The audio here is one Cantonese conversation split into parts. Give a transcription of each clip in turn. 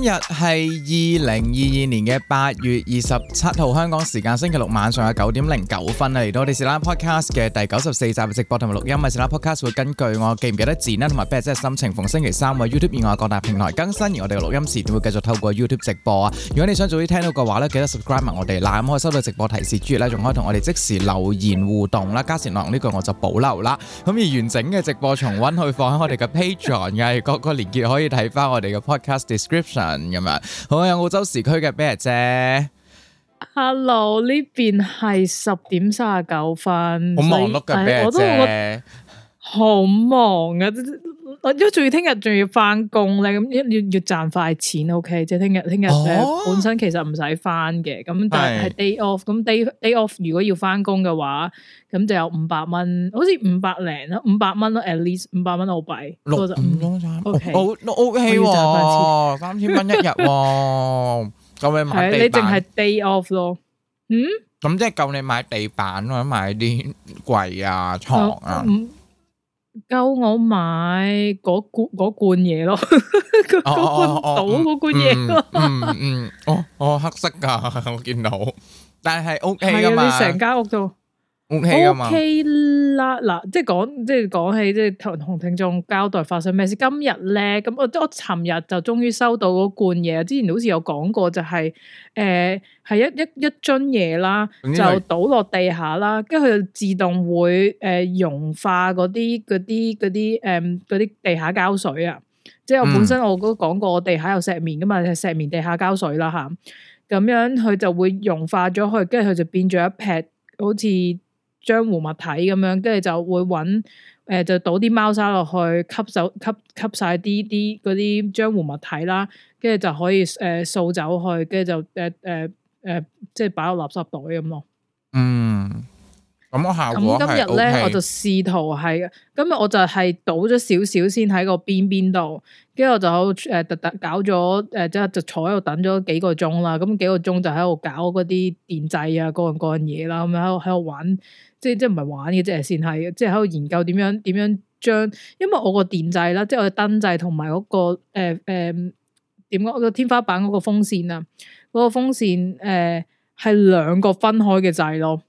今日係二零二二年嘅八月二十七號，香港時間星期六晚上嘅九點零九分啊，嚟到我哋 Whateverrr Podcast 嘅第九十四集直播同埋錄音啊，Whateverrr Podcast 會根據我記唔記得字啦，同埋編輯嘅心情，逢星期三喎 YouTube 以外各大平台更新，而我哋嘅錄音時段會繼續透過 YouTube 直播啊。如果你想早啲聽到嘅話咧，記得 subscribe 埋我哋啦，咁可以收到直播提示，之餘咧仲可以同我哋即時留言互動啦，加善內容呢句我就保留啦。咁而完整嘅直播重溫，去放喺我哋嘅 Patreon 嘅各個連結，可以睇翻我哋嘅 Podcast description。咁樣，好有澳洲時區嘅 Jane 姐，hello 呢邊係十點三十九分，好忙碌嘅 Jane 好忙啊！我一仲要聽日仲要翻工咧，咁要要賺快錢，O K，即係聽日聽日本身其實唔使翻嘅，咁但係 day off，咁是 day day off 如果要翻工嘅話，咁就有五百蚊，好似五百零啦，五百蚊啦，at least 六 5, 五百蚊澳幣，六十五張仔，O O K，三千蚊一日喎、哦，夠 你買、哎、你淨係 day off 咯，嗯，咁即係夠你買地板或者買啲櫃啊床啊。Oh, um, 夠我買嗰罐罐嘢咯，嗰、哦、 罐倒嗰罐嘢咯，嗯嗯，哦、嗯嗯、哦，黑色噶，我見到，但係、OK 啊、屋企啊嘛，成間屋都。O K 啦，嗱，即係講，即係講起，即係同同聽眾交代發生咩事。今日咧，咁我即係我尋日就終於收到嗰罐嘢。之前好似有講過，就係誒係一一一樽嘢啦，就倒落地下啦，跟住佢就自動會誒融化嗰啲嗰啲嗰啲誒嗰啲地下膠水啊。即係我本身我都講過，我地下有石棉噶嘛，石棉地下膠水啦吓，咁樣佢就會融化咗去，跟住佢就變咗一劈，好似。漿糊物體咁樣，跟住就會揾誒、呃，就倒啲貓砂落去，吸走吸吸曬啲啲嗰啲漿糊物體啦，跟住就可以誒、呃、掃走去，跟住就誒誒誒，即係擺落垃圾袋咁咯。嗯，咁、那、我、個、效咁今日咧，是 OK 我就試圖係，今日我就係倒咗少少先喺個邊邊度，跟住我就誒特特搞咗誒，即、呃、係就坐喺度等咗幾個鐘啦。咁幾個鐘就喺度搞嗰啲電掣啊，各樣各樣嘢啦，咁樣喺喺度玩。即即唔係玩嘅即啫，先係，即喺度研究點樣點樣將，因為我個電掣啦，即我嘅燈掣同埋嗰個誒誒點講個天花板嗰個風扇啊，嗰、嗰個風扇誒係、呃、兩個分開嘅掣咯，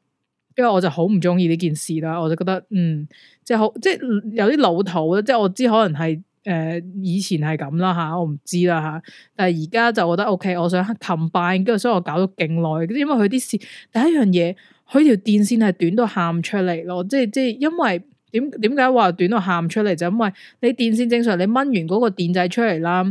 因為我就好唔中意呢件事啦，我就覺得嗯即好即有啲老土啦，即我知可能係。誒，以前係咁啦吓，我唔知啦吓，但係而家就覺得 OK，我想 combine，跟住所以我搞咗勁耐，因為佢啲線第一樣嘢，佢條電線係短到喊出嚟咯，即係即係因為點點解話短到喊出嚟就因為你電線正常，你掹完嗰個電掣出嚟啦，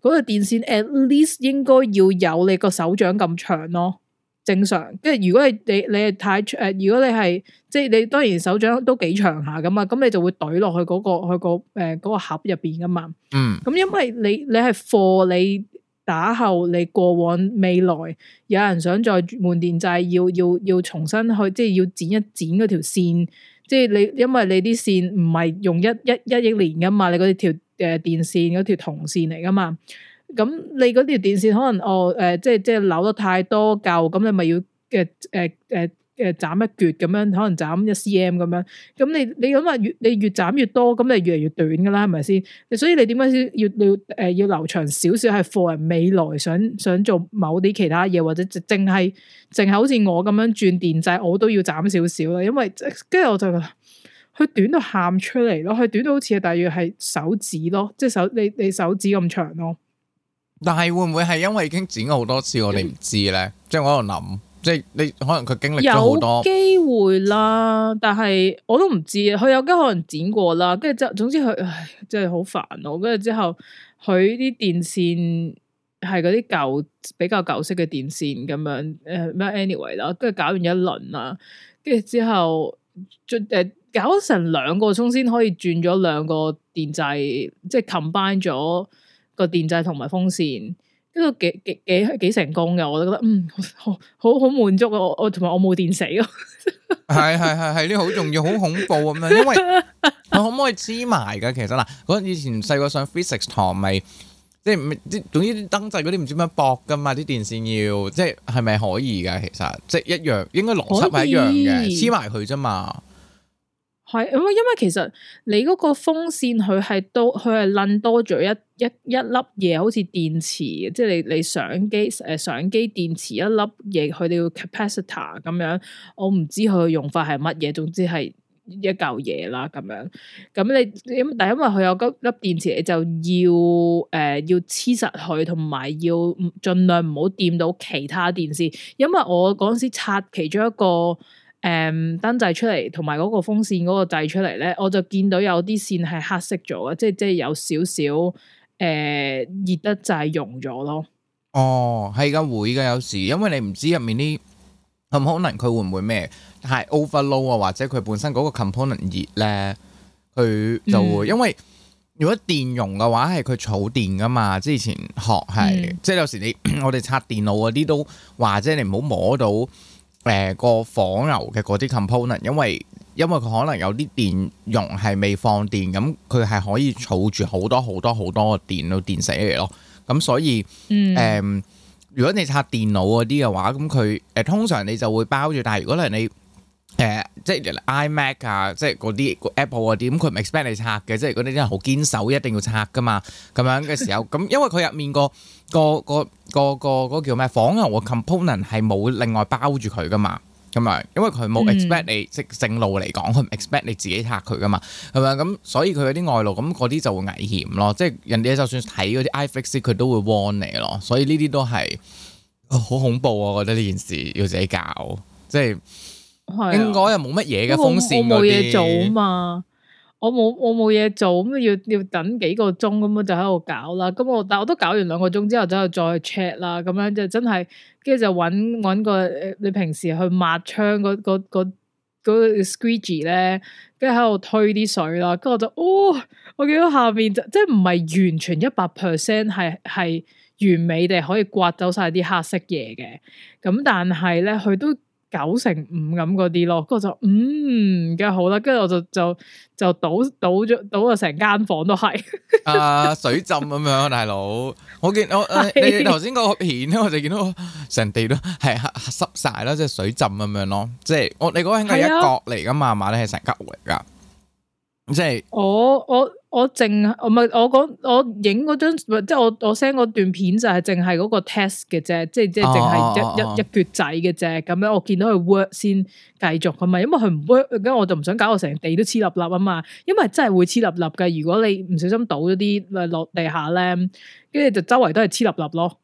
嗰條電線 at least 應該要有你個手掌咁長咯。正常，即係如果係你你係太誒、呃，如果你係即係你當然手掌都幾長下噶嘛，咁你就會懟落去嗰、那個佢、那個誒、呃那個盒入邊噶嘛。嗯，咁因為你你係貨，你打後你過往未來有人想再換電掣，要要要重新去即係要剪一剪嗰條線，即係你因為你啲線唔係用一一一億年噶嘛，你嗰條誒、呃、電線嗰條銅線嚟噶嘛。咁你嗰條電線可能哦誒、呃，即係即係扭得太多舊，咁你咪要誒誒誒誒斬一橛咁樣，可能斬一 CM 咁樣。咁你你諗下越你越斬越,越多，咁你就越嚟越短噶啦，係咪先？所以你點解要要誒、呃、要留長少少係 for 未來想想做某啲其他嘢，或者淨係淨係好似我咁樣轉電掣，我都要斬少少啦。因為跟住我就佢短到喊出嚟咯，佢短到好似大約係手指咯，即係手你你,你手指咁長咯。但係會唔會係因為已經剪咗好多次我哋唔知咧、嗯，即係我喺度諗，即係你可能佢經歷咗好多機會啦，但係我都唔知啊。佢有間可能剪過啦，跟住就後，總之佢即係好煩咯。跟住之後，佢啲電線係嗰啲舊比較舊式嘅電線咁樣誒咩？Anyway 啦，跟住搞完一輪啦，跟住之後誒搞成兩個鐘先可以轉咗兩個電掣，即係 combine 咗。個電掣同埋風扇，一個幾幾幾幾成功嘅，我都覺得嗯好好好滿足啊！我我同埋我冇電死咯 ，係係係係呢好重要、好恐怖咁樣，因為可唔可以黐埋噶？其實嗱，我以前細個上 physics 堂咪即係唔總之燈掣嗰啲唔知點樣駁噶嘛，啲電線要即係係咪可以噶？其實即係一樣，應該邏輯係一樣嘅，黐埋佢啫嘛。係，因為其實你嗰個風扇佢係多，佢係撚多咗一一一粒嘢，好似電池，即係你你相機誒相機電池一粒嘢，佢哋要 capacitor 咁樣。我唔知佢嘅用法係乜嘢，總之係一嚿嘢啦咁樣。咁你但係因為佢有粒電池，你就要誒、呃、要黐實佢，同埋要盡量唔好掂到其他電線。因為我嗰陣時拆其中一個。誒、嗯、燈掣出嚟，同埋嗰個風扇嗰個掣出嚟咧，我就見到有啲線係黑色咗嘅，即係即係有少少誒熱得滯溶咗咯。哦，係噶會噶，有時因為你唔知入面啲 component 佢會唔會咩，係 overload 啊，或者佢本身嗰個 component 熱咧，佢就會、嗯、因為如果電容嘅話係佢儲電噶嘛，之前學係，嗯、即係有時你 我哋拆電腦嗰啲都話，者你唔好摸到。誒個、呃、火牛嘅嗰啲 component，因為因為佢可能有啲電容係未放電，咁佢係可以儲住好多好多好多個電到電死嚟咯。咁、嗯、所以誒、呃，如果你拆電腦嗰啲嘅話，咁佢誒通常你就會包住。但係如果咧你，誒、呃，即係 iMac 啊，即係嗰啲 Apple 嗰啲，咁佢唔 expect 你拆嘅，即係嗰啲啲人好堅守，一定要拆噶嘛。咁樣嘅時候，咁因為佢入面 個個個個個嗰叫咩，房啊，嘅 component 係冇另外包住佢噶嘛。咁樣，因為佢冇 expect 你、嗯、即正路嚟講，佢唔 expect 你自己拆佢噶嘛。係咪咁？所以佢有啲外露，咁嗰啲就會危險咯。即係人哋就算睇嗰啲 iFixit，佢都會 warn 你咯。所以呢啲都係、哦、好恐怖，啊。我覺得呢件事要自己搞，即係。即 應該又冇乜嘢嘅風扇，我冇嘢做啊嘛，我冇我冇嘢做，咁要要等幾個鐘，咁就喺度搞啦。咁我但我都搞完兩個鐘之後就，之後再 check 啦。咁樣就真係，跟住就揾揾個、呃、你平時去抹窗嗰嗰嗰嗰 squeegee 咧，跟住喺度推啲水啦。跟住我就，哦，我見到下面就即係唔係完全一百 percent 係係完美地可以刮走晒啲黑色嘢嘅，咁但係咧佢都。九成五咁嗰啲咯，我就嗯，梗係好啦，跟住我就就就倒倒咗倒，啊成間房都係啊水浸咁樣， 大佬，我見我是的 你頭先嗰片咧，我就見到成地都係濕晒啦，即係水浸咁樣咯，即係我你嗰個係一角嚟噶嘛，嘛咧係成間嚟噶。即係我我我淨我咪我講我，張我，我影嗰張即係我我 send 嗰段片就係淨係嗰個 test 嘅啫，即係即係淨係一、哦哦、一一橛仔嘅啫。咁樣我見到佢 work 先繼續啊嘛，因為佢唔 work 咁我就唔想搞到成地都黐立立啊嘛。因為真係會黐立立嘅，如果你唔小心倒咗啲落地下咧，跟住就周圍都係黐立立咯。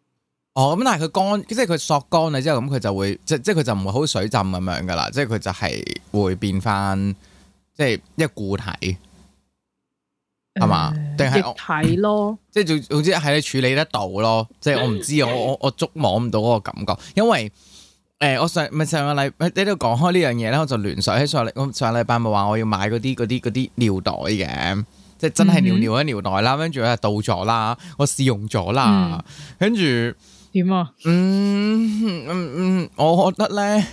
哦，咁但係佢乾，即係佢索乾你之後，咁佢就會即係即係佢就唔會好水浸咁樣噶啦，即係佢就係會變翻。即係一固體係嘛，定係液體咯？即係總總之係你處理得到咯。即係我唔知，我我我捉摸唔到嗰個感覺。因為誒，我上咪上個禮你都講開呢樣嘢咧，我就聯想起上個上個禮拜咪話我要買嗰啲嗰啲啲尿袋嘅，即係真係尿尿嘅尿袋啦。跟住咧到咗啦，我試用咗啦，跟住點啊？嗯嗯嗯，我覺得咧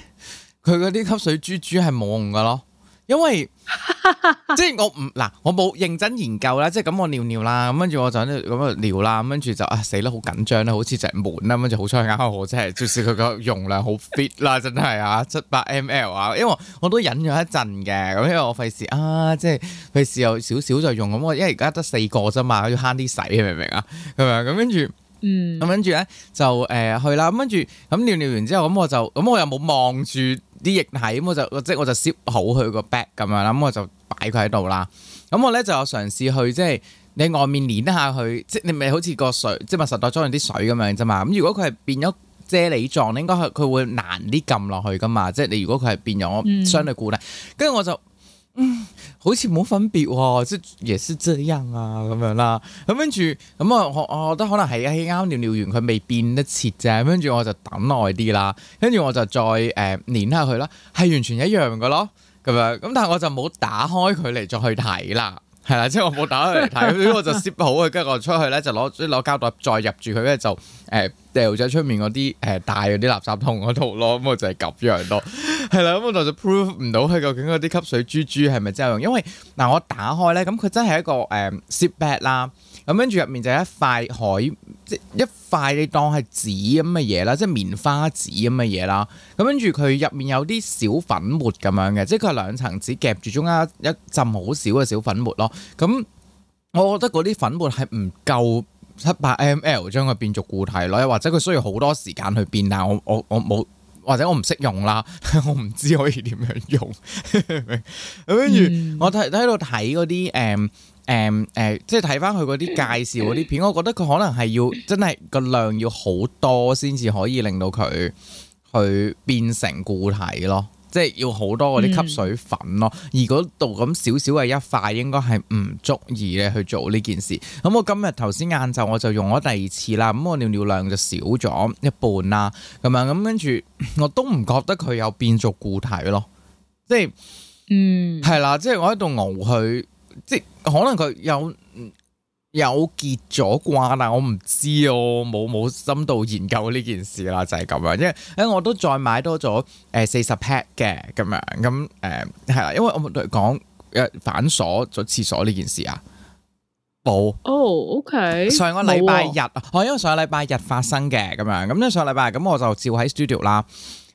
佢嗰啲吸水珠珠係冇用噶咯，因為。 即係我唔嗱，我冇認真研究啦，即係咁我尿尿啦，咁跟住我就喺度咁啊尿啦，咁跟住就啊死啦，好緊張咧，好似成滿啦，咁就好彩啱好，即係就佢個容量好 fit 啦，真係啊，七百 ml 啊，因為我都忍咗一陣嘅，咁因為我費事啊，即係費事又少少就用，咁我因為而家得四個咋嘛，要慳啲使，明唔明啊？係咪啊？咁跟住，嗯，咁跟住咧就誒去啦，咁跟住咁尿尿完之後，咁我就咁我又冇望住。啲液體咁我就即係我就攝好佢個 bag 咁樣啦，咁我就擺佢喺度啦。咁我咧就有嘗試去即係你外面練一下佢，即係你咪好似個水即係密實袋裝住啲水咁樣啫嘛。咁如果佢係變咗啫喱狀，應該係佢會難啲撳落去噶嘛。即係你如果佢係變咗相對固體，跟住我就。 嗯， 好似冇分別喎、哦，即係也是這樣啊，咁樣啦，咁跟住，咁啊，我我覺得可能係啱啱尿尿完佢未變得切啫，跟住我就等耐啲啦，跟住我就再誒黏、呃、下佢啦，係完全一樣噶咯。咁樣，咁但係我就冇打開佢嚟再去睇啦，係啦，即係我冇打開嚟睇，咁 我就攝好佢，跟住我出去咧就攞攞膠袋再入住佢咧就誒。呃掉在出面嗰啲誒大嗰啲垃圾桶嗰度咯，咁、嗯、我就係咁樣咯，係 啦。咁、嗯、我就就 prove 唔到佢究竟嗰啲吸水珠珠係咪真係有用，因為嗱我打開咧，咁佢真係一個誒 sheet bag 啦，咁跟住入面就係一塊海，即一塊你當係紙咁嘅嘢啦，即係棉花紙咁嘅嘢啦。咁跟住佢入面有啲小粉末咁樣嘅，即係佢係兩層紙夾住中間一浸好少嘅小粉末咯。咁我覺得嗰啲粉末係唔夠。七百 mL 將佢變做固體咯，又或者佢需要好多時間去變，但係我我我冇，或者我唔識用啦， 我唔知可以點樣用。跟 住我睇喺度睇嗰啲誒誒誒，即係睇翻佢嗰啲介紹嗰啲片，我覺得佢可能係要真係個量要好多先至可以令到佢去變成固體咯。即係要好多嗰啲吸水粉咯，嗯、而嗰度咁少少嘅一塊應該係唔足以咧去做呢件事。咁、嗯、我今日頭先晏晝我就用咗第二次啦，咁、嗯、我尿尿量就少咗一半啦，咁樣咁跟住我都唔覺得佢有變做固體咯。即係，嗯，係啦，即係我喺度熬佢，即可能佢有。有結咗關啊！我唔知哦，冇冇深度研究呢件事啦，就係咁樣。因為誒，我都再買多咗誒四十 pack 嘅咁樣。咁誒係啦，因為我咪講誒反鎖咗廁所呢件事啊。冇。哦，OK。上個禮拜日啊，哦，哦，因為上個禮拜日發生嘅咁樣。咁咧上禮拜咁我就照喺 studio 啦。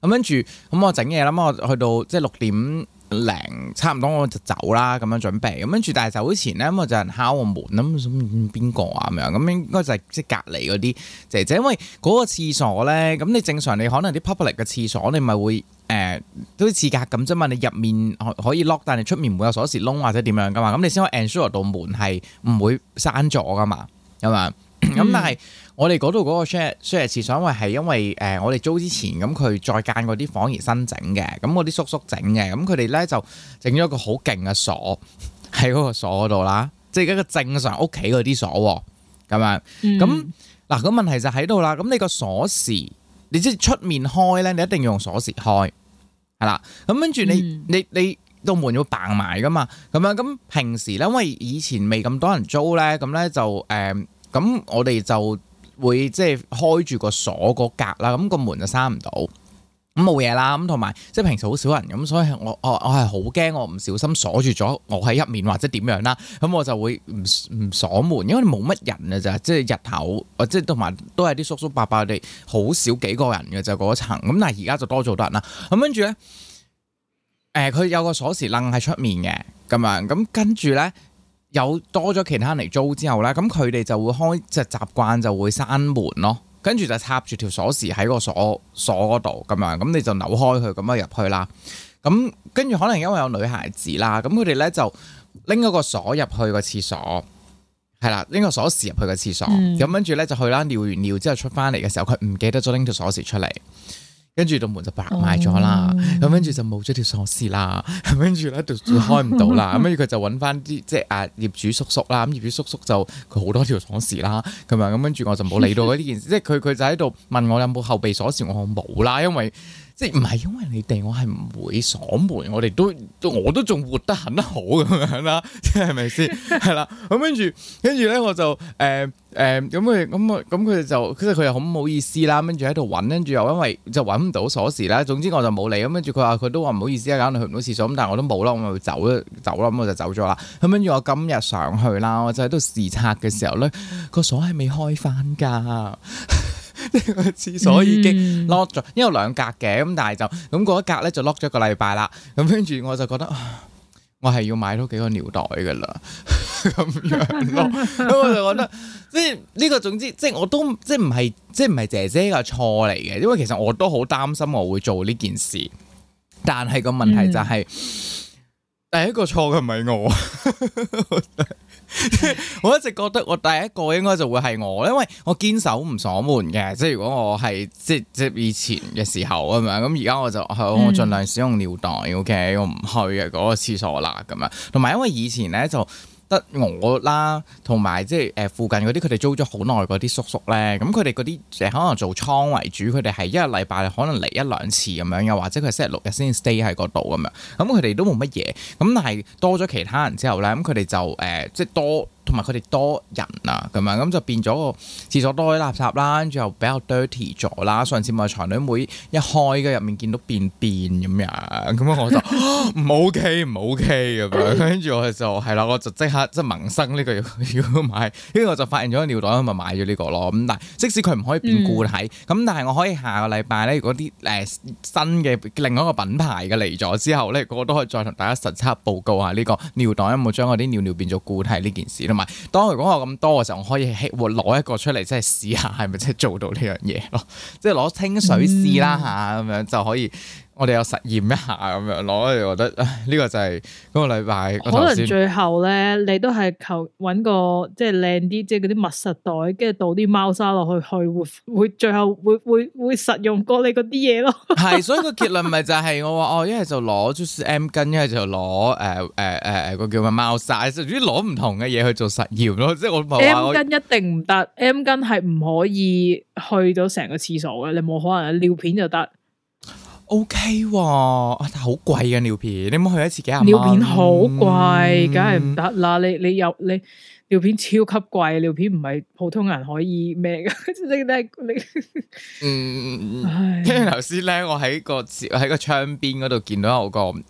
咁跟住，咁我整嘢啦。咁我去到即係六點零差唔多我就走啦，咁樣準備。咁跟住，但係走之前呢，咁我就人敲我門，咁想邊個、嗯、啊？咁樣咁應該就係即係隔籬嗰啲姐姐，因為嗰個廁所呢，咁你正常你可能啲 public 嘅廁所，你咪會誒、呃、都似隔咁啫嘛。你入面可以 lock，但係你出面唔會有鎖匙窿或者點樣噶嘛。咁、嗯、你先可以 ensure 到門係唔會閂咗噶嘛，咁啊。咁、嗯、但係我哋嗰度嗰個 share share 廁所位係因為誒我哋租之前咁佢再間嗰啲房而新整嘅，咁嗰啲叔叔整嘅，咁佢哋咧就整咗個好勁嘅鎖喺嗰個鎖嗰度啦，即、就、係、是、一個正常屋企嗰啲鎖咁啊。咁嗱，咁、嗯、問題就喺度啦。咁你個鎖匙，你即係出面開咧，你一定要用鎖匙開，係啦。咁跟住你、嗯、你你道門要掟埋噶嘛？咁樣咁平時咧，因為以前未咁多人租咧，咁咧就誒。嗯咁我哋就會即係開住個鎖嗰格啦，咁個門就閂唔到，咁冇嘢啦。咁同埋即係平時好少人，咁所以我我我係好驚，我唔小心鎖住咗我喺入面或者點樣啦。咁我就會唔唔鎖門，因為冇乜人啊咋，即係日頭即係同埋都係啲叔叔伯伯哋，好少幾個人嘅就嗰層。咁但係而家就多咗多人啦。咁跟住咧，誒、呃、佢有個鎖匙掹喺出面嘅咁樣，咁跟住咧。有多咗其他人嚟租之後呢，咁佢哋就會開，就習慣就會閂門咯，跟住就插住條鎖匙喺個鎖鎖嗰度，咁樣，咁你就扭開佢，咁啊入去啦。咁跟住可能因為有女孩子啦，咁佢哋呢就拎咗個鎖入去個廁所，係啦，拎個鎖匙入去個廁所，咁跟住呢就去啦，尿完尿之後出翻嚟嘅時候，佢唔記得咗拎條鎖匙出嚟。跟住到門就白埋咗啦，咁跟住就冇咗條鎖匙啦，咁跟住咧就開唔到啦，咁跟住佢就搵翻啲即係啊業主叔叔啦，咁業主叔叔就佢好多條鎖匙啦，咁樣，咁跟住我就冇理到嗰啲件事， 即係佢佢就喺度問我有冇後備鎖匙，我冇啦，因為。即係唔係因為你哋，我係唔會鎖門，我哋都我都仲活得很好咁樣啦，即係咪先？係啦，咁跟住跟住咧，我就誒誒，咁佢咁我咁佢就，其實佢又好唔好意思啦，跟住喺度搵，跟住又因為就搵唔到鎖匙啦。總之我就冇理，咁跟住佢話佢都話唔好意思啊，搞到去唔到廁所，咁但係我都冇啦，我咪走咯走咯，咁我就走咗啦。咁跟住我今日上去啦，我就喺度視察嘅時候咧，個鎖係未開翻噶。 即廁 所已經 lock 咗，因為兩格嘅，咁但係就咁過一格咧就 lock 咗一個禮拜啦。咁跟住我就覺得，我係要買多幾個尿袋噶啦，咁 樣咯吧。咁 我就覺得，即係呢、這個總之，即係我都即係唔係，即係唔係姐姐嘅錯嚟嘅。因為其實我都好擔心我會做呢件事，但係個問題就係、是，嗯、第一個錯嘅唔係我。 我一直覺得我第一個應該就會係我，因為我堅守唔鎖門嘅，即係如果我係即即以前嘅時候咁樣，咁而家我就我盡量使用尿袋 OK，我唔去嘅嗰個廁所啦咁樣，同埋因為以前咧就。我啦、啊，同埋即係誒附近嗰啲，佢哋租咗好耐嗰啲叔叔咧，咁佢哋嗰啲誒可能做倉為主，佢哋係一個禮拜可能嚟一兩次咁樣，又或者佢星期六日先 stay 喺嗰度咁樣，咁佢哋都冇乜嘢。咁但係多咗其他人之後咧，咁佢哋就誒即係多。同埋佢哋多人啊，咁啊，咁就變咗個廁所多啲垃圾啦，跟住又比較 dirty 咗啦。上次咪財女妹一開嘅入面見到便便咁樣，咁啊我就唔、 哦、OK 唔 OK 咁樣，跟住 我就係啦，我就刻即刻即萌生呢個要要買。跟住我就發現咗尿袋、這個，咪買咗呢個咯。咁但即使佢唔可以變固體，咁、嗯、但係我可以下個禮拜咧，如果啲新嘅另外一個品牌嘅嚟咗之後咧，我都可以再同大家實測報告下呢個尿袋有冇將我啲尿尿變做固體呢件事。同埋，當佢講話咁多嘅時候，我可以攞一個出嚟，即係試下係咪即係做到呢樣嘢咯？即係攞清水試啦嚇，咁、嗯、樣就可以。我哋有實驗一下咁樣，攞咧，我覺得呢個就係呢個禮拜。可能最後咧，你都係求揾個即係靚啲，即係嗰啲密實袋，跟住倒啲貓砂落去，去會會最後會會會實用過你嗰啲嘢咯。係，所以個結論咪就係我話哦，一係就攞出 M 巾，一係就攞誒誒誒個叫咩貓砂，總之攞唔同嘅嘢去做實驗咯。即係我唔係話 M 巾一定唔得，M 巾係唔可以去咗成個廁所嘅，你冇可能尿片就得。O K 喎，但好貴㗎尿片，你冇去一次幾啊？尿片好貴，梗係唔得啦！你你又你。尿片超級貴，尿片唔係普通人可以咩嘅，你都係你，嗯， 唉因為頭先咧，我喺個喺個窗邊嗰度見到有個誒，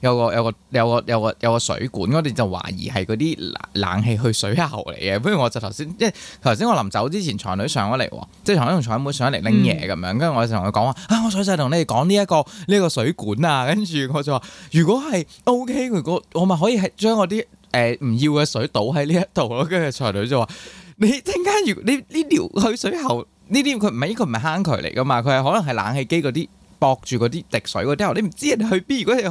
有個有個有個有個有個水管，我哋就懷疑係嗰啲冷冷氣去水喉嚟嘅。不如我就頭先，即係頭先我臨走之前，床女上咗嚟，即係床女同床妹上咗嚟拎嘢咁樣，跟住、嗯、我就同佢講話啊，我想就同你哋講呢一個呢、這個水管啊，跟住我就話如果係 OK，如果我咪可以係將我啲。誒唔、呃、要嘅水倒喺呢一度咯，跟住才女就話： 你陣間如果你呢條去水喉呢啲，佢唔係應該唔係坑渠嚟噶嘛？佢係可能係冷氣機嗰啲。駁住嗰啲滴水嗰條，你唔知人哋去邊？如果你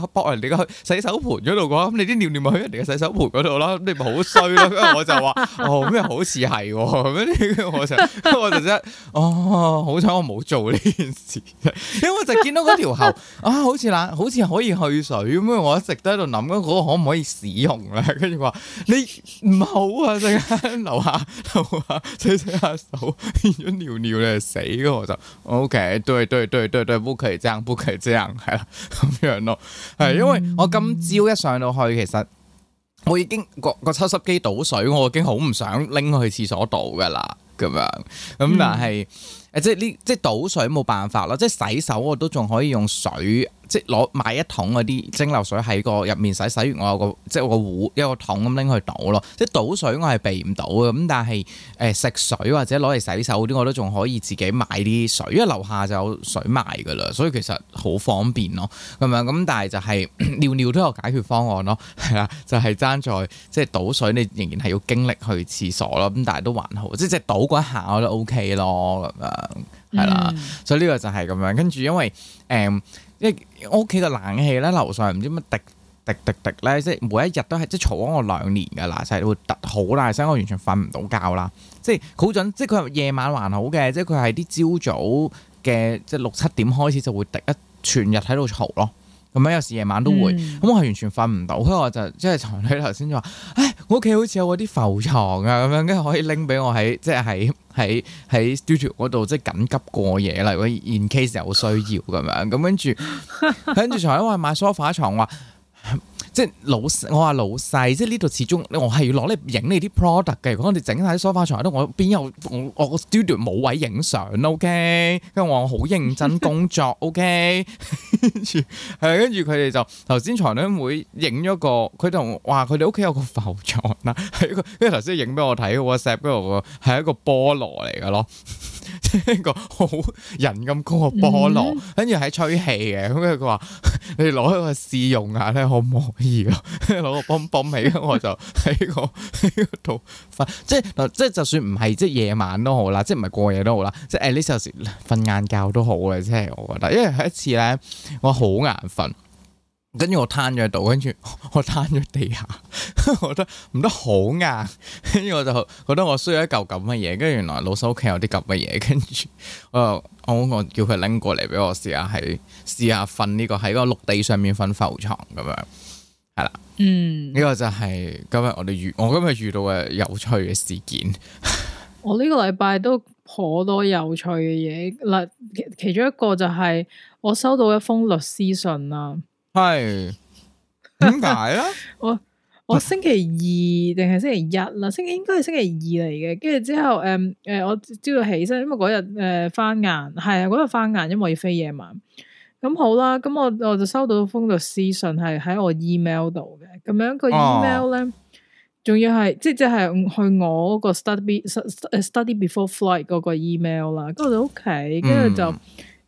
駁人哋去洗手盆嗰度嘅話，咁你啲尿尿咪去人哋嘅洗手盆嗰度啦，你咪好衰咯。咁 我就話哦，咩好似係咁樣？我就我就真係哦，好彩我冇做呢件事， 因為我就見到嗰條喉啊，好似冷，好似可以去水咁樣。我一直都喺度諗緊，咁嗰個可唔可以使用咧？跟住話你唔好啊，淨樓下樓下，下洗洗下手，變咗尿尿你死㗎。我就 O、okay, K，對，對對對對對，okay, 不可正 b o 正，係啦咁樣咯，係 因為我今朝一上到去，其實我已經個個抽濕機倒水，我已經好唔想拎去廁所倒噶啦，咁樣咁但係誒， 即係呢，即係倒水冇辦法啦，即係洗手我都仲可以用水。即係攞買一桶嗰啲蒸餾水喺個入面洗，洗完，我有個即係個壺一個桶咁拎去倒咯。即係倒水我係避唔到嘅，咁但係誒、呃、食水或者攞嚟洗手啲，我都仲可以自己買啲水，因為樓下就有水賣噶啦，所以其實好方便咯，咁樣，但係就係、是、尿尿都有解決方案咯，係啊，就係、是、爭在即係倒水你仍然係要經歷去廁所咯，咁但係都還好，即係倒嗰一下我都 OK 咯，咁樣係啦。啊嗯、所以呢個就係咁樣，跟住因為誒。嗯因為我屋企嘅冷氣咧，樓上唔知乜滴滴滴滴咧，即係每一日都係即係嘈咗我兩年㗎啦，就係會突好大聲，我完全瞓唔到覺啦。即係好準，即係佢夜晚還好嘅，即係佢係啲朝早嘅，即係六七點開始就會突一全日喺度嘈咯。咁樣有時夜晚都會，咁、嗯、我係完全瞓唔到，咁我就即係、就是、床你頭先就話，唉，我屋企好似有嗰啲浮牀啊，咁樣跟住可以拎俾我喺即係喺喺喺 studio 嗰度即係緊急過夜啦，如果 in case 有需要咁樣，咁跟住跟住床因為買梳化床話。即係老，我話老細，即係呢度始終，我係要攞嚟影你啲 product 嘅。如果我哋整曬啲梳化牀咧，我邊有我我 studio 冇位影相咯？OK，跟住我好認真工作，OK，係跟住佢哋就頭先財經會影咗個佢同，話，佢哋屋企有個浮牀啦，係一個，因為頭先影俾我睇 WhatsApp，跟住係一個菠蘿嚟㗎咯。 一個好人咁高個菠蘿，跟住喺吹氣嘅，咁跟住佢話，你攞去個試用下咧，可唔可以咯？攞 個泵泵起，我就喺、這個喺個度瞓，即係即係就算唔係即係夜晚都好啦，即係唔係過夜都好啦， 即係誒你有時瞓晏覺都好嘅，即係我覺得，因為有一次咧我好眼瞓。跟住我攤咗喺度，跟住我攤咗地下，我覺得唔得好硬，跟住我就覺得我需要一嚿咁嘅嘢，跟住原來老細屋企有啲咁嘅嘢，跟住我又我我叫佢拎過嚟俾我試下，係試下瞓呢個喺個陸地上面瞓浮床咁樣，係啦，嗯，呢個就係今日我哋遇我今日遇到嘅有趣嘅事件。我呢個禮拜都頗多有趣嘅嘢，嗱，其中一個就係我收到一封律師信啦。係點解咧？ 我我星期二定係星期一啦？星期應該係星期二嚟嘅。跟住之後，誒、嗯、誒、呃，我朝早起身，因為嗰日誒翻晏係啊，嗰日翻晏，因為我要飛夜晚。咁、嗯、好啦，咁我我就收到封律師信，係喺我 email 度嘅。咁樣個 email 咧，仲、哦、要係即係即係去我個 study study before flight 嗰個 email 啦。咁我就 OK，跟住就。嗯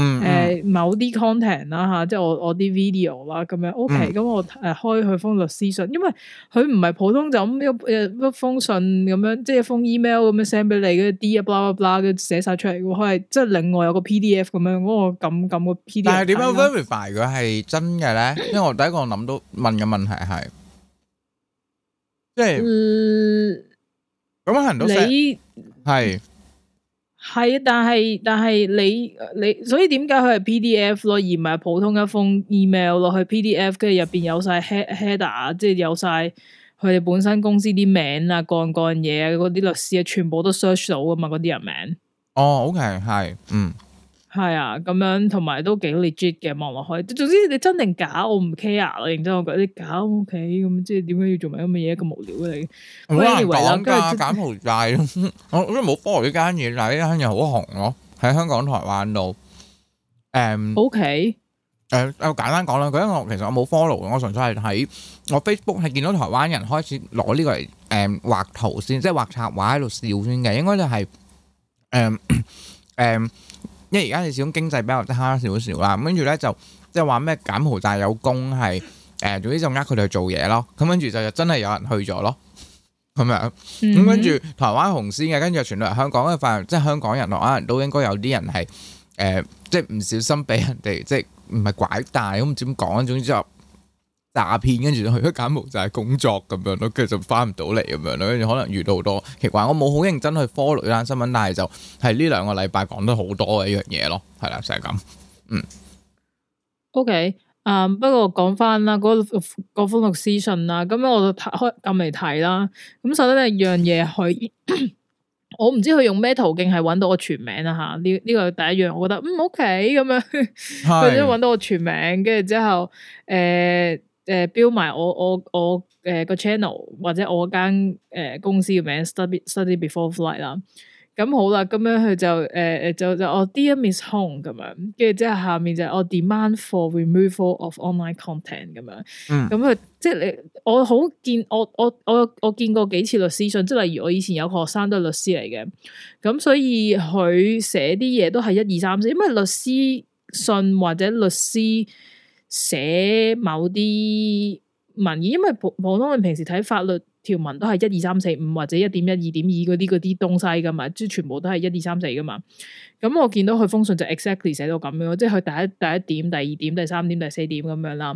誒某啲 content 啦、啊、嚇，即係我我啲 video 啦咁樣，OK，咁、嗯嗯、我誒開佢封律師信，因為佢唔係普通就咁一一封信咁樣，即係封 email 咁樣 send 俾你，跟住啲啊，blah blah blah 寫曬出嚟，佢係即係另外有個 PDF 咁樣，我撳撳個 PDF。PD F，但係點樣 verify 佢係真嘅咧？嗯、因為我第一個諗到問嘅問題係，即係咁啱行到。識係啊，但係但係你你，所以點解佢係 PDF 咯，而唔係普通一封 email 咯？佢 PDF 跟住入邊有晒 header 即係有晒佢哋本身公司啲名啊，干干嘢啊，嗰啲律師啊，全部都 search 到啊嘛，嗰啲人名。哦、oh，OK，係，嗯。係啊，咁樣同埋都幾 legit 嘅，望落去。總之你真定假，我唔 care 啦。認真我覺得你假，O K。咁即係點解要做埋咁嘅嘢，咁無聊嘅你？我有人講噶，簡圖債。我我都冇 follow 呢間嘢，但係呢間嘢好紅咯，喺香港、台灣度。誒，O K。誒，我簡單講啦，因為我其實我冇 follow 嘅，我純粹係喺我 Facebook 係見到台灣人開始攞呢個嚟誒畫圖先，即係畫插畫喺度笑先嘅。應該就係誒誒。因為而家你始終經濟比較差少少啦，咁跟住咧就即係話咩柬埔寨有工係誒，總之就呃佢哋去做嘢咯，咁跟住就真係有人去咗咯，咁樣，咁跟住台灣紅先嘅，跟住傳到嚟香港嘅，即係香港人、台灣人都應該有啲人係誒、呃，即係唔小心俾人哋即係唔係拐帶，都唔知點講，總之就是。詐騙，跟住去咗柬埔寨工作咁樣咯，跟住就翻唔到嚟咁樣咯，跟住可能遇到好多奇怪。我冇好認真去 follow 呢單新聞，但係就喺呢兩個禮拜講得好多嘅呢樣嘢咯，係啦，就係咁。嗯，OK，啊，不過講翻啦，嗰嗰封律師信啦，咁樣我就開撳嚟睇啦。咁首先第一樣嘢，佢我唔知佢用咩途徑係揾到我全名啦吓。呢呢個第一樣，我覺得嗯 OK 咁樣，或者揾到我全名，跟住之後誒。誒標埋我我我誒個 channel 或者我間誒、呃、公司嘅名 Study Study Before Flight 啦、啊，咁好啦，咁樣佢就誒誒就就我 Dear Miss Home 咁樣，跟住之後下面就我 Demand for removal of online content 咁樣，咁佢，即係我好見我我我我見過幾次律師信，即係例如我以前有個學生都係律師嚟嘅，咁所以佢寫啲嘢都係一二三四，因為律師信或者律師。寫某啲文件，因為普普通人平時睇法律條文都係一二三四五或者一點一、二點二嗰啲嗰啲東西噶嘛，即係全部都係一二三四噶嘛。咁我見到佢封信就 exactly 寫到咁樣，即係佢第一第一點、第二點、第三點、第四點咁樣啦。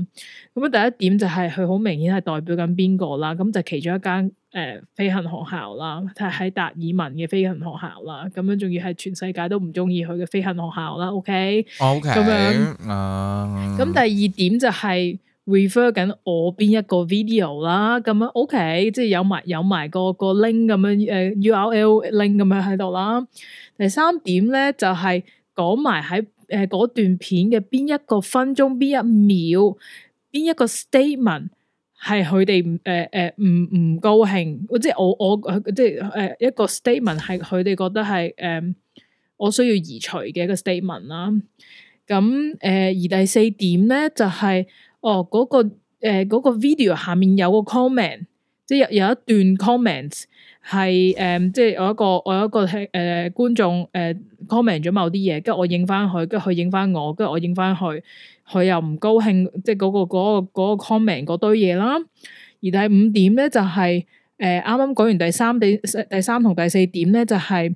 咁第一點就係佢好明顯係代表緊邊個啦，咁就其中一間誒、呃、飛行學校啦，就係喺達爾文嘅飛行學校啦。咁樣仲要係全世界都唔中意佢嘅飛行學校啦。OK，OK、okay? Okay ,咁樣啊。咁、uh、第二點就係、是。refer 緊我邊一個 video 啦，咁樣 OK，即係有埋有埋個個 link 咁樣誒 URL link 咁樣喺度啦。第三點咧就係講埋喺誒嗰段片嘅邊一個分鐘邊一秒邊一個 statement 係佢哋唔誒、呃、誒唔、呃、唔高興，或者我我即係誒、呃、一個 statement 係佢哋覺得係誒、呃、我需要移除嘅一個 statement 啦。咁誒、呃、而第四點咧就係、是。哦，嗰、那個誒、呃那個、video 下面有個 comment，即係有有一段 comments 係誒，即係有一個我有一個誒、呃、觀眾誒、呃、comment 咗某啲嘢，跟住我影翻佢，跟住佢影翻我，跟住我影翻佢，佢又唔高興，即係、那、嗰個嗰、那個、那個 comment 嗰堆嘢啦。而第五點咧就係誒啱啱講完第三點、第三同第四點咧就係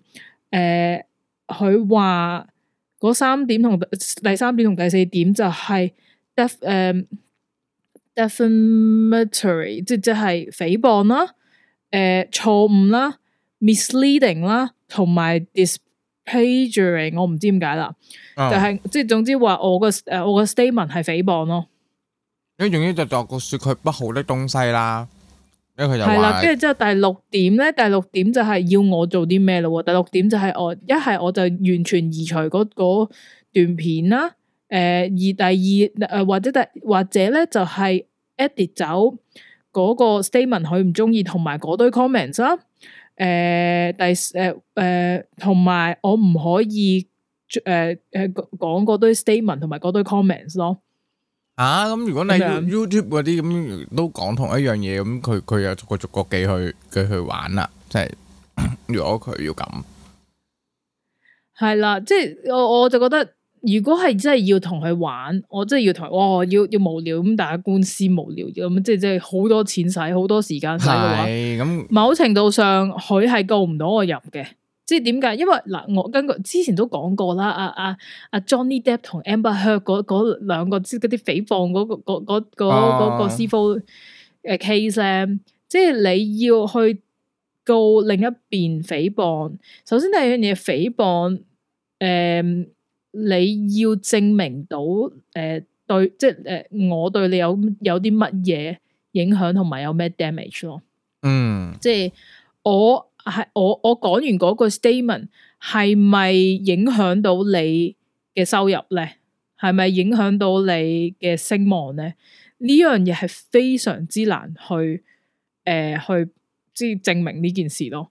誒佢話嗰三點同第三點同第四點就係、是。def 誒、um, defamatory 即即係誹謗啦誒、呃、錯誤啦 misleading 啦同埋 disparaging 我唔知點解啦，嗯、就係、是、即係總之話我個誒我個 statement 係誹謗咯，咁仲要就作個說佢不好的東西啦，咁佢就係啦，跟住之後第六點咧，第六點就係要我做啲咩咯？第六點就係我一係我就完全移除嗰嗰段片啦。誒，二、呃、第二誒、呃，或者第或者咧，就係、是、edit 走嗰個 statement，佢唔中意，同埋嗰堆 comments 啦。誒，第誒誒，同、呃、埋我唔可以誒誒講嗰堆 statement，同埋嗰堆 comments 咯。啊，咁、嗯、如果你 YouTube 嗰啲咁、嗯、都講同一樣嘢，咁佢佢又逐個逐個寄去佢去玩啦。即係 如果佢要咁，係啦，即係我我，我就覺得。如果係真係要同佢玩，我真係要同佢，哇、喔！要要無聊咁打官司無聊咁，即係即係好多錢使，好多時間使嘅話，某程度上佢係告唔到我入嘅。即係點解？因為嗱、呃，我根據之前都講過啦，阿阿阿 Johnny Depp 同 Amber Heard 嗰嗰兩個即係啲誹謗嗰個嗰嗰嗰個師誒 Case，即係你要去告另一邊誹謗，首先第一樣嘢誹謗誒。你要證明到誒、呃、對，即係誒、呃、我對你有有啲乜嘢影響，同埋有咩 damage 咯。嗯，即係我係我我講完嗰個 statement 係咪影響到你嘅收入咧？係咪影響到你嘅聲望咧？呢樣嘢係非常之難去誒、呃、去即係證明呢件事咯。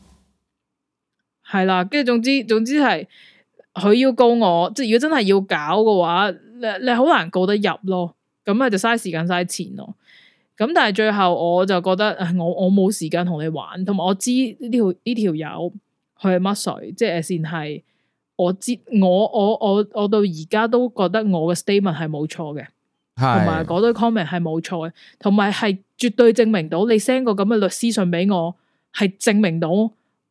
係啦，跟住總之總之係佢要告我，即係如果真係要搞嘅話，你你好難告得入咯。咁啊就嘥時間嘥錢咯。咁但係最後我就覺得，我我冇時間同你玩，同埋我知呢條呢條友佢係乜水？即係先係我知我我我我到而家都覺得我嘅 statement 係冇錯嘅，同埋嗰堆 comment 係冇錯嘅，同埋係絕對證明到你 send 個咁嘅律師信俾我，係證明到。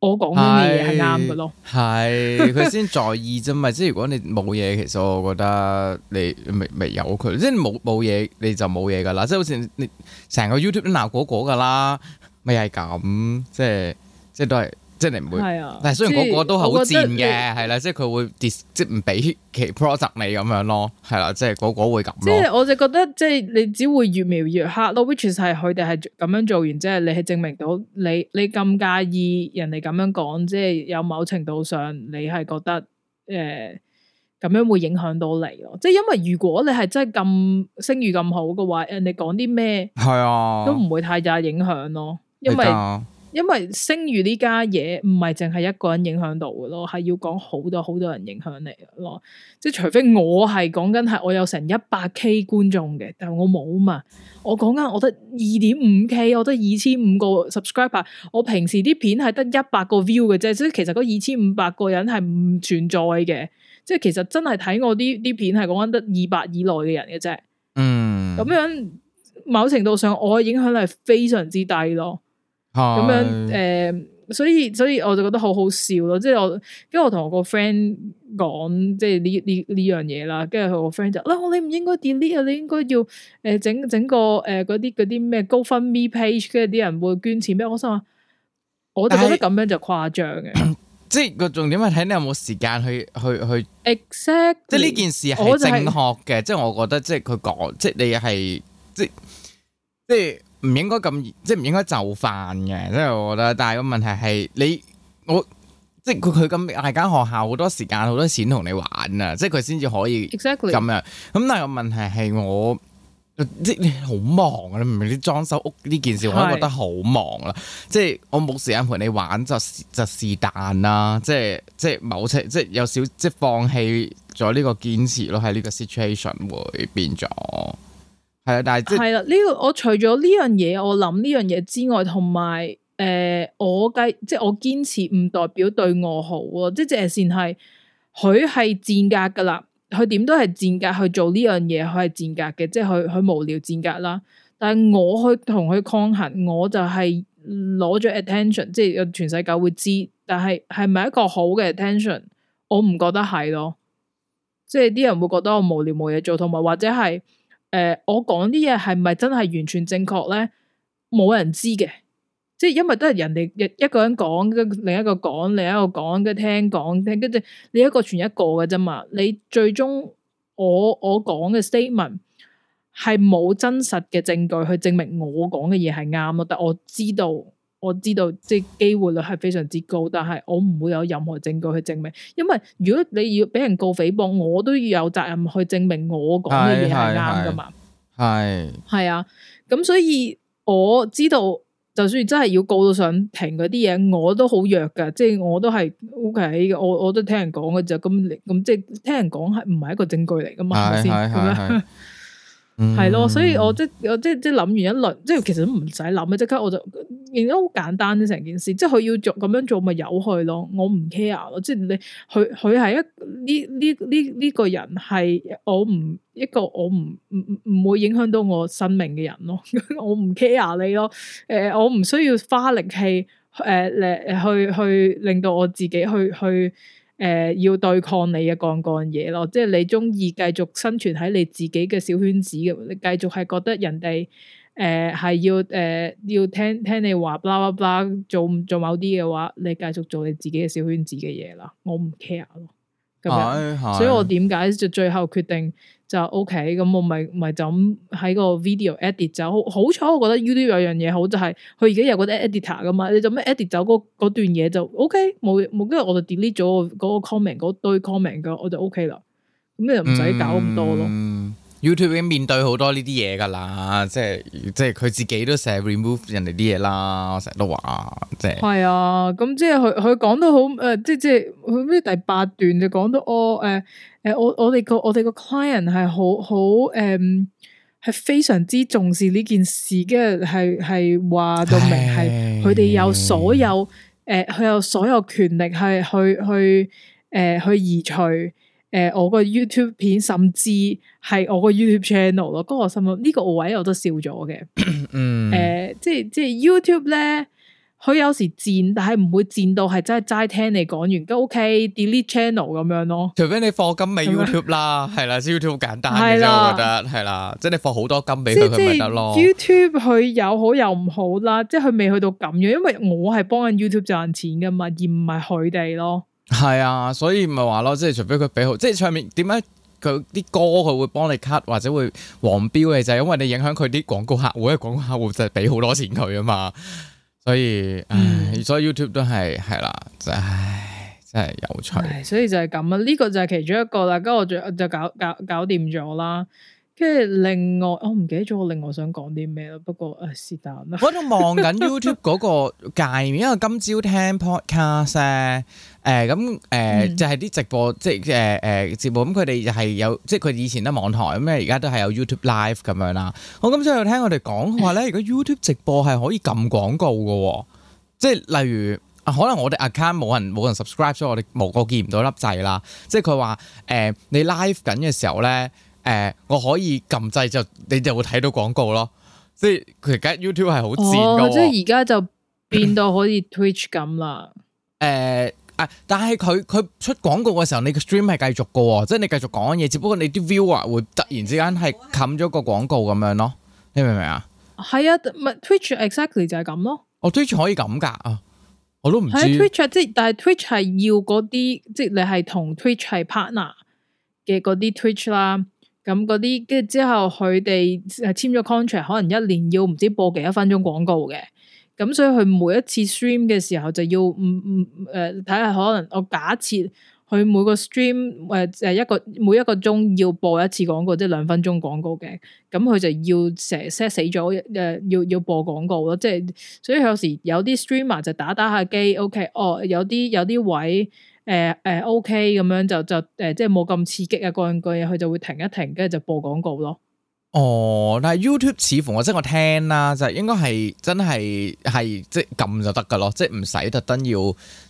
我講嘅嘢係啱嘅咯，係佢先在意啫嘛。即係如果你冇嘢，其實我覺得你未未有佢，即係冇冇嘢你就冇嘢噶啦。即係好似你成個 YouTube 都鬧果果噶啦，咪係咁，即係即係都係。即係你唔會，啊、但係雖然個個都好賤嘅，係啦，即係佢會即係唔俾其 product 你咁樣咯，係啦、啊，即係個個會咁咯、啊。即係我就覺得，即、就、係、是、你只會越描越黑咯。Which is 係佢哋係咁樣做完，即、就、係、是、你係證明到你你咁介意人哋咁樣講，即、就、係、是、有某程度上你係覺得誒咁、呃、樣會影響到你咯。即係因為如果你係真係咁聲譽咁好嘅話，人哋講啲咩係啊，都唔會太大影響咯，因為、啊。因為因為聲譽呢家嘢唔係淨係一個人影響到嘅咯，係要講好多好多人影響嚟嘅咯。即係除非我係講緊係我有成一百 K 觀眾嘅，但係我冇嘛。我講緊我得二點五 K，我得二千五個 subscriber。我平時啲片係得一百個 view 嘅啫，即係其實嗰二千五百個人係唔存在嘅。即係其實真係睇我啲啲片係講緊得二百以內嘅人嘅啫。嗯，咁樣某程度上我嘅影響力係非常之低咯。咁、嗯、樣誒，所以所以我就覺得好好笑咯，即、就、係、是、我，因為我跟住我同、就是、我個 friend 講，即係呢呢呢樣嘢啦，跟住佢個 friend 就，嗱，你唔應該 delete 啊，你應該要誒、呃、整整個誒嗰啲啲咩 GoFundMe page，跟住啲人會捐錢俾我，我心話，我就覺得咁樣就誇張嘅，即係個重點係睇你有冇時間去去去。Exactly 即係呢件事係正確嘅，就是、即係我覺得即係佢講，即係你係即係。唔應該咁，即係唔應該就範嘅，即係我覺得。但係個問題係你我，即係佢佢咁大間學校，好多時間好多錢同你玩啊，即係佢先至可以咁樣。咁 Exactly. 但係個問題係我，即你好忙啊！你唔明？你裝修屋呢件事，我都覺得好忙啦。是即係我冇時間陪你玩，就就是但啦。即係即係某次，即係有少即係放棄咗呢個堅持咯。喺呢個 situation 會變咗。係啦，呢個我除咗呢樣嘢，我諗呢樣嘢之外，同埋誒，我計即係我堅持唔代表對我好啊！即係，就算係佢係賤格噶啦，佢點都係賤格去做呢樣嘢，佢係賤格嘅，即係佢佢無聊賤格啦。但係我去同佢抗衡，我就係攞咗 attention，即係全世界會知。但係係咪一個好嘅 attention？我唔覺得係咯，即係啲人會覺得我無聊冇嘢做，同埋或者係。誒、呃，我講啲嘢，係咪真係完全正確咧？冇人知嘅，即係因為都係人哋一一個人講，跟另一個講，另一個講，跟聽講聽，跟住你一個傳一個嘅啫嘛。你最終我我講嘅 statement 係冇真實嘅證據去證明我講嘅嘢係啱咯。但我知道。我知道即係機會率係非常之高，但係我唔會有任何證據去證明，因為如果你要俾人告誹謗，我都要有責任去證明我講嘅嘢係啱噶嘛。係係啊，咁所以我知道，就算真係要告到上庭嗰啲嘢，我都好弱噶，即係我都係 O K 嘅，我我都聽人講嘅咋，咁咁即係聽人講係唔係一個證據嚟噶嘛，係咪先？ 係咯， 所以我即我即即諗完一輪，即其實都唔使諗啊，即刻我就變咗好簡單啲成件事。即佢要做咁樣做咪由佢咯，我唔 care 咯。即你佢佢係一呢呢呢呢個人係我唔一個我唔唔唔會影響到我生命嘅人咯， 我唔 care 你咯。誒，我唔需要花力氣誒嚟去去令到我自己去去。誒、呃、要對抗你嘅嗰嗰嘢咯，即係你中意繼續生存喺你自己嘅小圈子嘅，你繼續係覺得人哋誒係要誒、呃、要聽聽你話，blah blah blah，做做某啲嘅話，你繼續做你自己嘅小圈子嘅嘢啦，我唔 care 咯，咁樣，哎哎所以我點解就最後決定。就 O K，咁我咪咪就喺個 video edit 走。好彩。好，我覺得 YouTube 有樣嘢好就係佢而家有個 editor 噶嘛，你做咩 edit 走嗰段嘢就 O K，冇冇，跟住我就 delete 咗嗰個 comment 嗰堆 comment 噶，我就 O K 啦。咁你又唔使搞咁多咯。嗯 YouTube 已經面對好多呢啲嘢㗎喇，即係即係佢自己都成日 remove 人哋啲嘢啦，我成日都話，即係係啊，咁即係佢佢講得好誒、呃，即係即係佢咩第八段就講到哦，誒、呃、誒我我哋個我哋個 client 係好好誒，係、呃、非常之重視呢件事，跟住係係話到明係佢哋有所有誒佢唉、呃、有所有權力係去去誒、呃、去移除。誒、呃，我個 YouTube 片，甚至係我個 YouTube channel 咯，嗰我心諗呢、呢個位我都笑咗嘅。誒、 嗯呃，即係即係 YouTube 咧，佢有時賤，但係唔會賤到係真係齋聽你講完，都 OK delete channel 咁樣咯。除非你放金俾 YouTube 啦，係不 啦，YouTube 簡單嘅啫，對啦 我覺得係啦，即係你放好多金俾佢，佢咪得咯。YouTube 佢有好有唔好啦，即係佢未去到咁樣，因為我係幫緊 YouTube 賺錢噶嘛，而唔係佢哋咯。係啊，所以咪話咯，即係除非佢俾好，即係上面點解佢啲歌佢會幫你 cut 或者會黃標嘅，就係因為你影響佢啲廣告客戶，因廣告客戶就係俾好多錢佢啊嘛，所以唉，所以 YouTube 都係係啦，真係真係有趣。所以就係咁啊，呢個就係其中一個啦，跟住我就搞搞搞掂咗啦。跟住另外我唔記得咗，我另外想講啲咩啦？不過誒，是但啦。我喺度望緊 YouTube 嗰個界面， 因為今朝聽 podcast 誒咁誒就係啲直播即係誒誒節目咁佢哋就係有即係佢以前咧網台咁咧而家都係有 YouTube Live 咁樣啦。好咁所以聽我哋講嘅話咧，如果 YouTube 直播係可以撳廣告㗎、哦，即係例如、啊、可能我哋 account 冇人冇人 subscribe 所以我哋冇我見唔到粒掣啦。即係佢話誒你 live 緊嘅時候咧誒、呃，我可以撳掣就你就會睇到廣告咯。即係佢而家 YouTube 係好賤㗎、哦哦。即係而家就變到可以 Twitch 咁啦。誒、 呃。但係佢佢出廣告嘅時候，你個 stream 係繼續嘅喎、哦，即、就、係、是、你繼續講嘢，只不過你啲 viewer 會突然之間係冚咗個廣告咁樣咯，你明唔明啊？係啊，咪 Twitch exactly 就係咁咯。哦 Twitch 可以咁噶啊，我都唔知 Twitch、啊、即係，但係 Twitch 係要嗰啲，即係你係同 Twitch 係 partner 嘅嗰啲 Twitch 啦，咁嗰啲跟住之後佢哋誒簽咗 contract，可能一年要唔知播幾多分鐘廣告嘅。咁所以佢每一次 stream 嘅時候，就要唔唔誒睇下，可能我假設佢每個 stream 誒、呃、誒一個每一個鐘要播一次廣告，即係兩分鐘廣告嘅。咁佢就要成 set 死咗誒、呃，要要播廣告咯。即係所以有時有啲 streamer 就打打下機，OK，哦有啲有啲位誒誒、呃呃、OK 咁樣就就誒、呃、即係冇咁刺激啊，嗰樣嗰樣佢就會停一停，跟住就播廣告咯。哦，但係 YouTube 似乎我即係我聽啦，就係應該係真係係即係撳就得噶咯，即係唔使特登要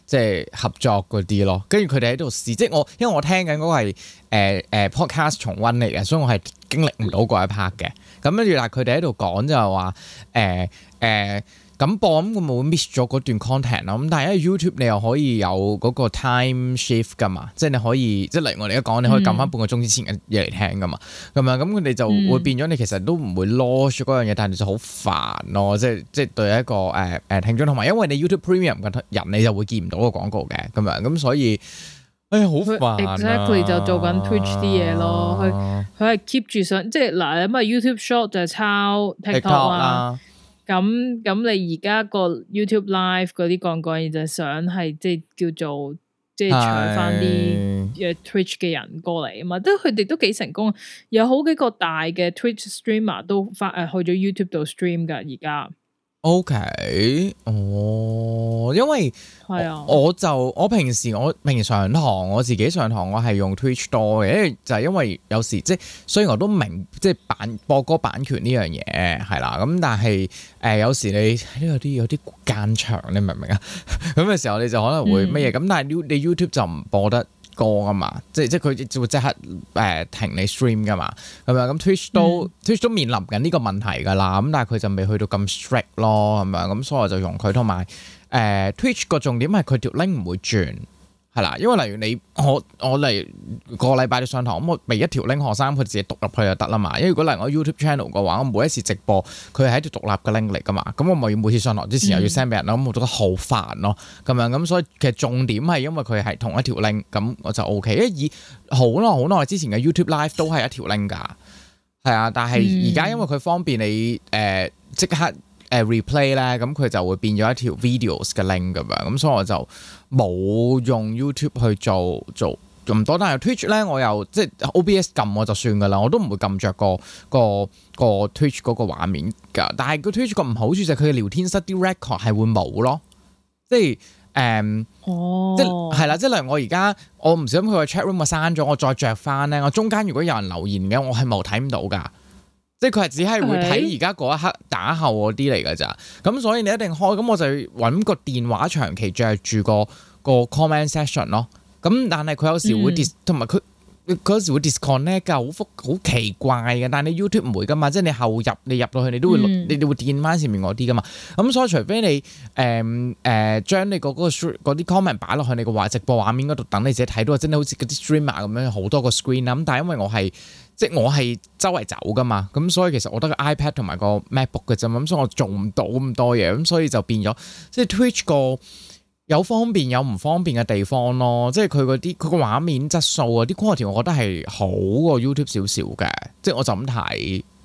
即係合作嗰啲咯。跟住佢哋喺度試，即係我因為我聽緊嗰個係誒誒 podcast 重溫嚟嘅，所以我係經歷唔到嗰一 part 嘅。咁跟住，但佢哋喺度講就話誒誒。呃咁播咁會唔會 miss 咗嗰段 content 咯，咁但係因為 YouTube 你又可以有嗰個 time shift 噶嘛，即係你可以即係例如我哋而家講，你可以撳翻半個鐘之前嘅嘢嚟聽噶嘛，咁啊咁佢哋就會變咗你其實都唔會 lost 嗰樣嘢，但係就好煩咯，即係即係對一個誒誒、啊啊、聽眾同埋因為你 YouTube Premium 嘅人你就會見唔到個廣告嘅咁樣，咁所以哎好煩、啊、它，exactly、啊、就做緊 Twitch 啲嘢咯，佢佢係 keep 住想，即係嗱有咪 YouTube Short 就係抄啊 TikTok 啊。咁咁，你而家個 YouTube Live 嗰啲講講，就想係即係叫做即係搶翻啲嘅 Twitch 嘅人過嚟啊嘛，都佢哋都幾成功，有好幾個大嘅 Twitch Streamer 都發誒去咗 YouTube 度 stream 噶而家。O、okay, K，哦，因為係啊、哎呀，我就我平時我平時上堂我自己上堂，我係用 Twitch 多嘅，因為就係、是、因為有時即係，雖然我都明即係、就是、版播歌版權呢樣嘢係啦，咁但係誒、呃、有時你呢個度啲有啲間長，你明唔明啊？咁 嘅時候你就可能會乜嘢？咁、嗯、但係你 YouTube 就唔播得。歌啊嘛，即即佢就會即刻誒停你 stream 噶嘛，咁樣咁 Twitch 都、嗯、Twitch 都面臨緊呢個問題噶啦，咁但係佢就未去到咁 strict 咯，咁咪咁所以我就用佢同埋誒、呃、Twitch 個重點係佢條 link 唔會轉。係啦，因為例如你我我嚟個禮拜你上堂，咁我俾一條 link 學生佢自己讀入去就得啦嘛。因為如果嚟我 YouTube channel 嘅話，我每一次直播佢係一條獨立嘅 link 嚟噶嘛，咁我咪要每次上堂之前又要 send 俾人咯，咁我覺得好煩咯，咁樣咁所以其實重點係因為佢係同一條 link，咁我就 OK。因為以好耐好耐之前嘅 YouTube live 都係一條 link 噶，係啊，但係而家因為佢方便你誒、呃、即刻。誒 replay 咧，咁佢就會變咗一條 videos 嘅 link 咁樣，咁所以我就冇用 YouTube 去做做，咁多。但係 Twitch 咧，我又即係 OBS 撳我就算噶啦，我都唔會撳着個個個 Twitch 嗰個畫面㗎。但係個 Twitch 個唔好處就係佢嘅聊天室啲 record 係會冇咯，即係誒、嗯哦，即係係啦，即係例如我而家我唔小心佢個 chat room 我刪咗，我再着翻咧，我中間如果有人留言嘅，我係冇睇唔到㗎。即係佢係只係會睇而家嗰一刻打後嗰啲嚟㗎咋，咁的所以你一定開，咁我就要揾個電話長期着住個個 comment session 咯。咁但係佢有時會 dis 同埋佢有時會 disconnect 㗎，好複好奇怪嘅。但係你 YouTube 唔會㗎嘛，即係你後入你入到去，你都會、嗯、你你會見翻前面嗰啲㗎嘛。咁所以除非你誒誒、呃呃、將你個嗰啲 comment 擺落去你個話直播畫面嗰度，等你自己睇到，真係好似嗰啲 streamer 咁樣好多個 screen 啦。咁但係因為我係。即係我係周圍走噶嘛，咁所以其實我得個 iPad 同埋個 MacBook 嘅啫，咁所以我做唔到咁多嘢，咁所以就變咗即係 Twitch 個有方便有唔方便嘅地方咯。即係佢嗰啲佢個畫面質素啊，啲 quality 我覺得係好過 YouTube 少少嘅。即係我就咁睇，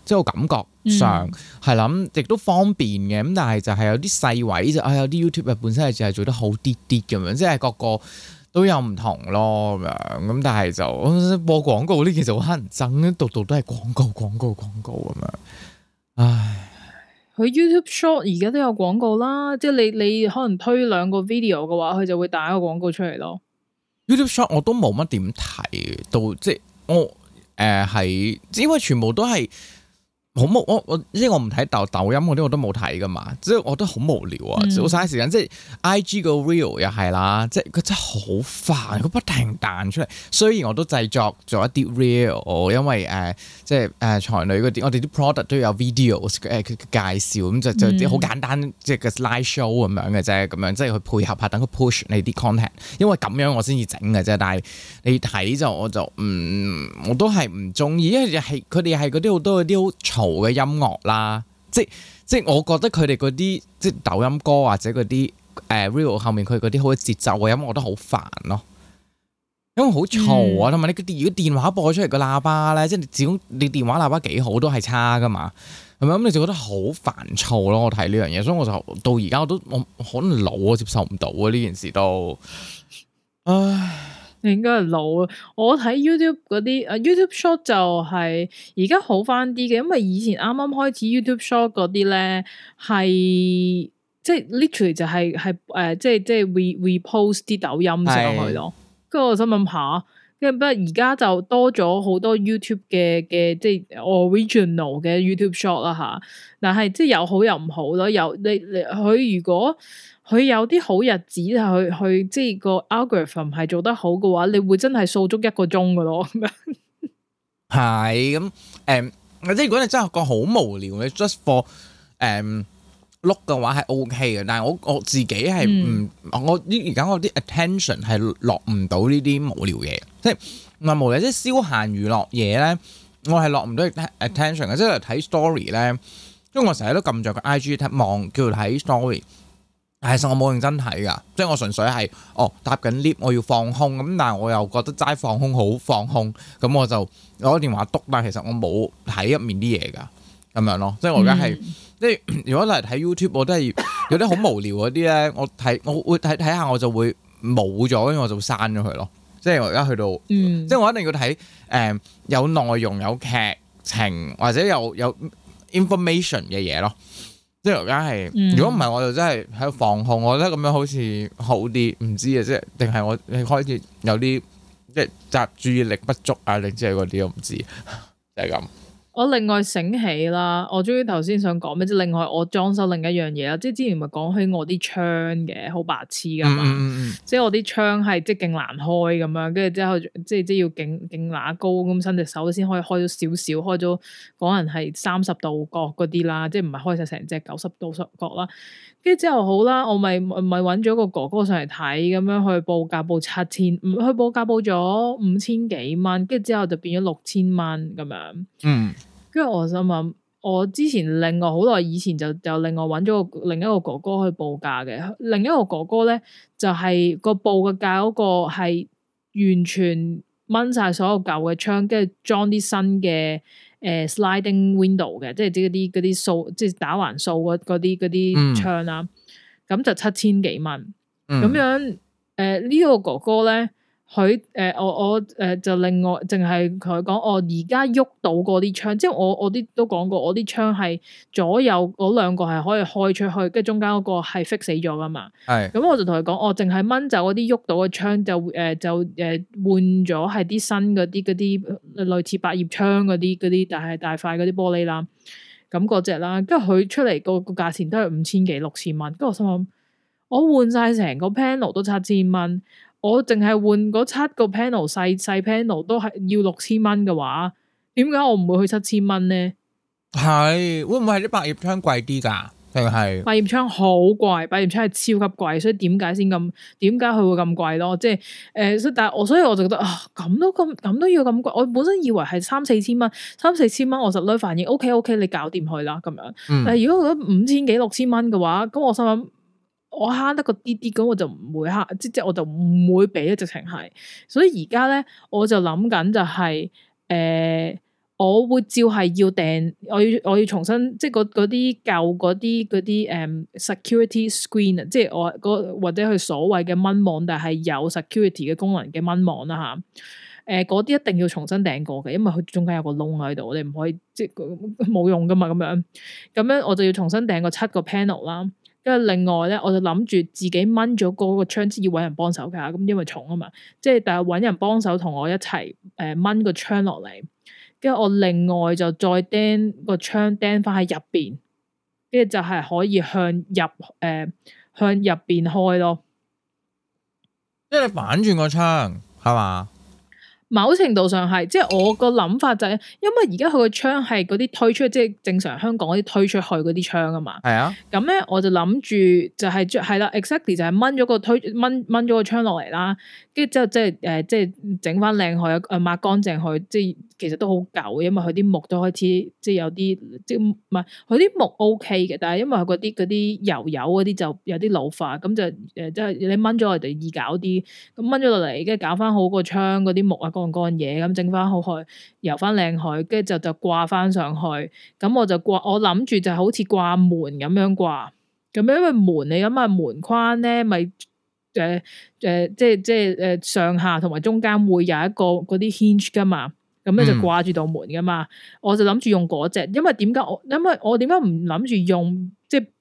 即係我感覺上係諗亦都方便嘅。咁但係就係有啲細位就啊，有啲 YouTube 本身係就係做得好啲啲咁樣，即係各個。都有唔同咯咁樣，咁但係就播廣告呢，其實好乞人憎，度度都係廣告、廣告、廣告咁樣。唉，佢 YouTube Short 而家都有廣告啦，即係你你可能推兩個 video 嘅話，佢就會打一個廣告出嚟咯。YouTube Short 我都冇乜點睇，到，即係我誒係、呃，因為全部都係。好冇我我即係我唔睇抖抖音嗰啲我都冇睇噶嘛，即係我覺得好無聊啊，好嘥、嗯、時間。即係 I G 個 real 又係啦，即係佢真係好煩，佢不停彈出嚟。雖然我都製作咗一啲 real，因為誒、呃、即係誒才女嗰啲，我哋啲 product 都有 video 誒、呃、介紹，咁就就啲好簡單，即係個 slide show 咁樣嘅啫，咁樣即係去配合下，等佢 push 你啲 content、嗯。因為咁樣我先至整嘅啫，但係你睇就我就唔，我都係唔中意，因為係佢哋係嗰啲好多有啲好冇嘅音樂啦，即即我覺得佢哋嗰啲即抖音歌或者嗰啲誒 real 後面佢嗰啲好嘅節奏嘅音樂，我覺得好煩咯、喔，因為好嘈啊，同埋、嗯、你個電如果電話播出嚟個喇叭咧，即你始終你電話喇叭幾好都係差噶嘛，係咪咁你就覺得好煩躁咯、啊？我睇呢樣嘢，所以我就到而家我都我可能老我接受唔到啊呢件事都，唉。你應該係老，啊。我睇 YouTube 嗰啲，啊 YouTube Short 就係而家好翻啲嘅，因為以前啱啱開始 YouTube Short 嗰啲咧，係即係 literally 就係係誒，即係即、呃、係 w、就是就是、e re, repost 啲抖音上去咯。跟住的我想問下，跟住不過而家就多咗好多 YouTube 嘅嘅即係、就是、original 嘅 YouTube Short 啦吓，但係即係有好又唔好咯，有你你佢如果。佢有啲好日子，去去即係個 algorithm 係做得好嘅話，你會真係掃足一個鐘噶咯。係咁，誒，即係如果你真係覺得好無聊，你 just for 誒 look 嘅話係 O K 嘅。但係我我自己係唔我而家我啲 attention 係落唔到呢啲無聊嘢，即係唔係無聊，即係消閒娛樂嘢咧。我係落唔到 attention 嘅，即係睇 story 咧。因為我成日都撳著個 I G 睇望，叫做睇 story。係，其實我冇認真睇噶，即係我純粹係，哦，搭緊 lift，我要放空，咁但係我又覺得齋放空好放空，咁我就攞電話督，但其實我冇睇入面啲嘢噶，咁樣咯。即係我而家係，嗯、即係如果嚟睇 YouTube，我都係有啲好無聊嗰啲咧，我睇我會睇睇下，我就會冇咗，跟住我就刪咗佢咯。即係我而家去到，嗯、即係我一定要睇，誒、呃，有內容、有劇情或者有有 information 嘅嘢咯。即係而家係，如果唔係我就真係喺度防控，我覺得咁樣好似好啲，唔知啊，即係定係我開始有啲即係集注意力不足啊，你知係嗰啲，我唔知， 就係咁。我另外醒起啦，我終於頭先想講咩，即係另外我裝修另一樣嘢啦。即係之前咪講起我啲窗嘅好白痴噶嘛，即係我啲窗係即係勁難開咁樣，跟住之後即係即係要勁勁乸高咁伸隻手先可以開咗少少，開咗可能係三十度角嗰啲啦，即係唔係開晒成隻九十度角啦。跟住之後好啦，我咪咪揾咗個哥哥上嚟睇咁樣去報價，報七千，去報價報咗五千幾蚊，跟住之後就變咗六千蚊咁樣。嗯。因為我想問，我之前另外好耐以前就就另外揾咗個另一個哥哥去報價嘅，另一個哥哥咧就係、是、個報嘅價嗰個係完全掹晒所有舊嘅窗，跟住裝啲新嘅誒、呃、sliding window 嘅，即係啲嗰啲嗰啲掃即係打橫掃嗰啲嗰啲窗啦、啊，咁、嗯、就七千幾蚊咁樣，誒、呃、呢、這個哥哥咧。佢誒、呃、我我誒、呃、就另外淨係同佢講，我而家喐到嗰啲窗，即係我我啲都講過，我啲窗係左右嗰兩個係可以開出去，跟住中間嗰個係 fix 死咗噶嘛。係是、嗯。咁我就同佢講，我淨係掹走嗰啲喐到嘅窗，就誒、呃、就誒換咗係啲新嗰啲嗰啲類似百葉窗嗰啲嗰啲，但係大，大塊嗰啲玻璃啦。咁嗰隻啦，跟住佢出嚟個個價錢都係五千幾六千蚊。跟住我心諗，我換晒成個 panel 都七千蚊。我淨係換嗰七個 panel 細細 panel 都係要六千蚊嘅話，點解我唔會去七千蚊咧？係會唔會係啲百葉窗貴啲㗎？定係百葉窗好貴，百葉窗係超級貴，所以點解先咁？點解佢會咁貴咯？即係誒，但係我所以我就覺得啊，咁、呃、都咁咁都要咁貴，我本身以為係三四千蚊，三四千蚊我實耐反應，O K O K，你搞掂佢啦咁樣。嗯、但係如果五千幾六千蚊嘅話，咁我心諗。我慳得個啲啲，咁我就唔會慳，即即係我就唔會俾一直情係。所以而家咧，我就諗緊就係、是，誒、呃，我會照係要訂，我要我要重新即係嗰嗰啲舊嗰啲啲誒 security screen，即係我或者佢所謂嘅蚊網，但係有 security 嘅功能嘅蚊網啦吓。誒、啊，嗰、呃、啲一定要重新訂過嘅，因為佢中間有個窿喺度，我哋唔可以即係冇用噶嘛，咁樣。咁樣我就要重新訂個七個 panel 啦。跟住另外咧，我就諗住自己掹咗嗰個窗，先要揾人幫手噶，咁因為重啊嘛，即係但係揾人幫手同我一齊誒掹個窗落嚟，跟住我另外就再釘個窗釘翻喺入邊，跟住就係可以向入誒、呃、向入邊開咯，即係你反轉個窗，係嘛？某程度上係，即係我個諗法就係、是，因為而家佢個窗係嗰啲推出，即係正常香港嗰啲推出去嗰啲窗啊嘛。係啊。咁咧我就諗住就係、是，係啦，exactly 就係掹咗個推掹掹咗個窗落嚟啦。跟住之後即係誒，即係整翻靚佢，抹乾淨佢。即係其實都好舊，因為佢啲木都開始即係有啲即係唔係，佢啲木 OK 嘅，但係因為佢嗰啲嗰啲油油嗰啲就有啲老化，咁就誒即係你掹咗落嚟易搞啲。咁掹咗落嚟，跟住搞翻好個窗嗰啲木啊。乾嘢咁整翻好去游翻靚海，跟住就就掛翻上去。咁我就掛，我諗住就好似掛門咁樣掛。咁因為門你諗下門框咧，咪誒誒，即係即係誒上下同埋中間會有一個嗰啲 hinge 噶嘛。咁咧就掛住道門噶嘛。我就諗住用嗰隻，因為點解我因為我點解唔諗住用？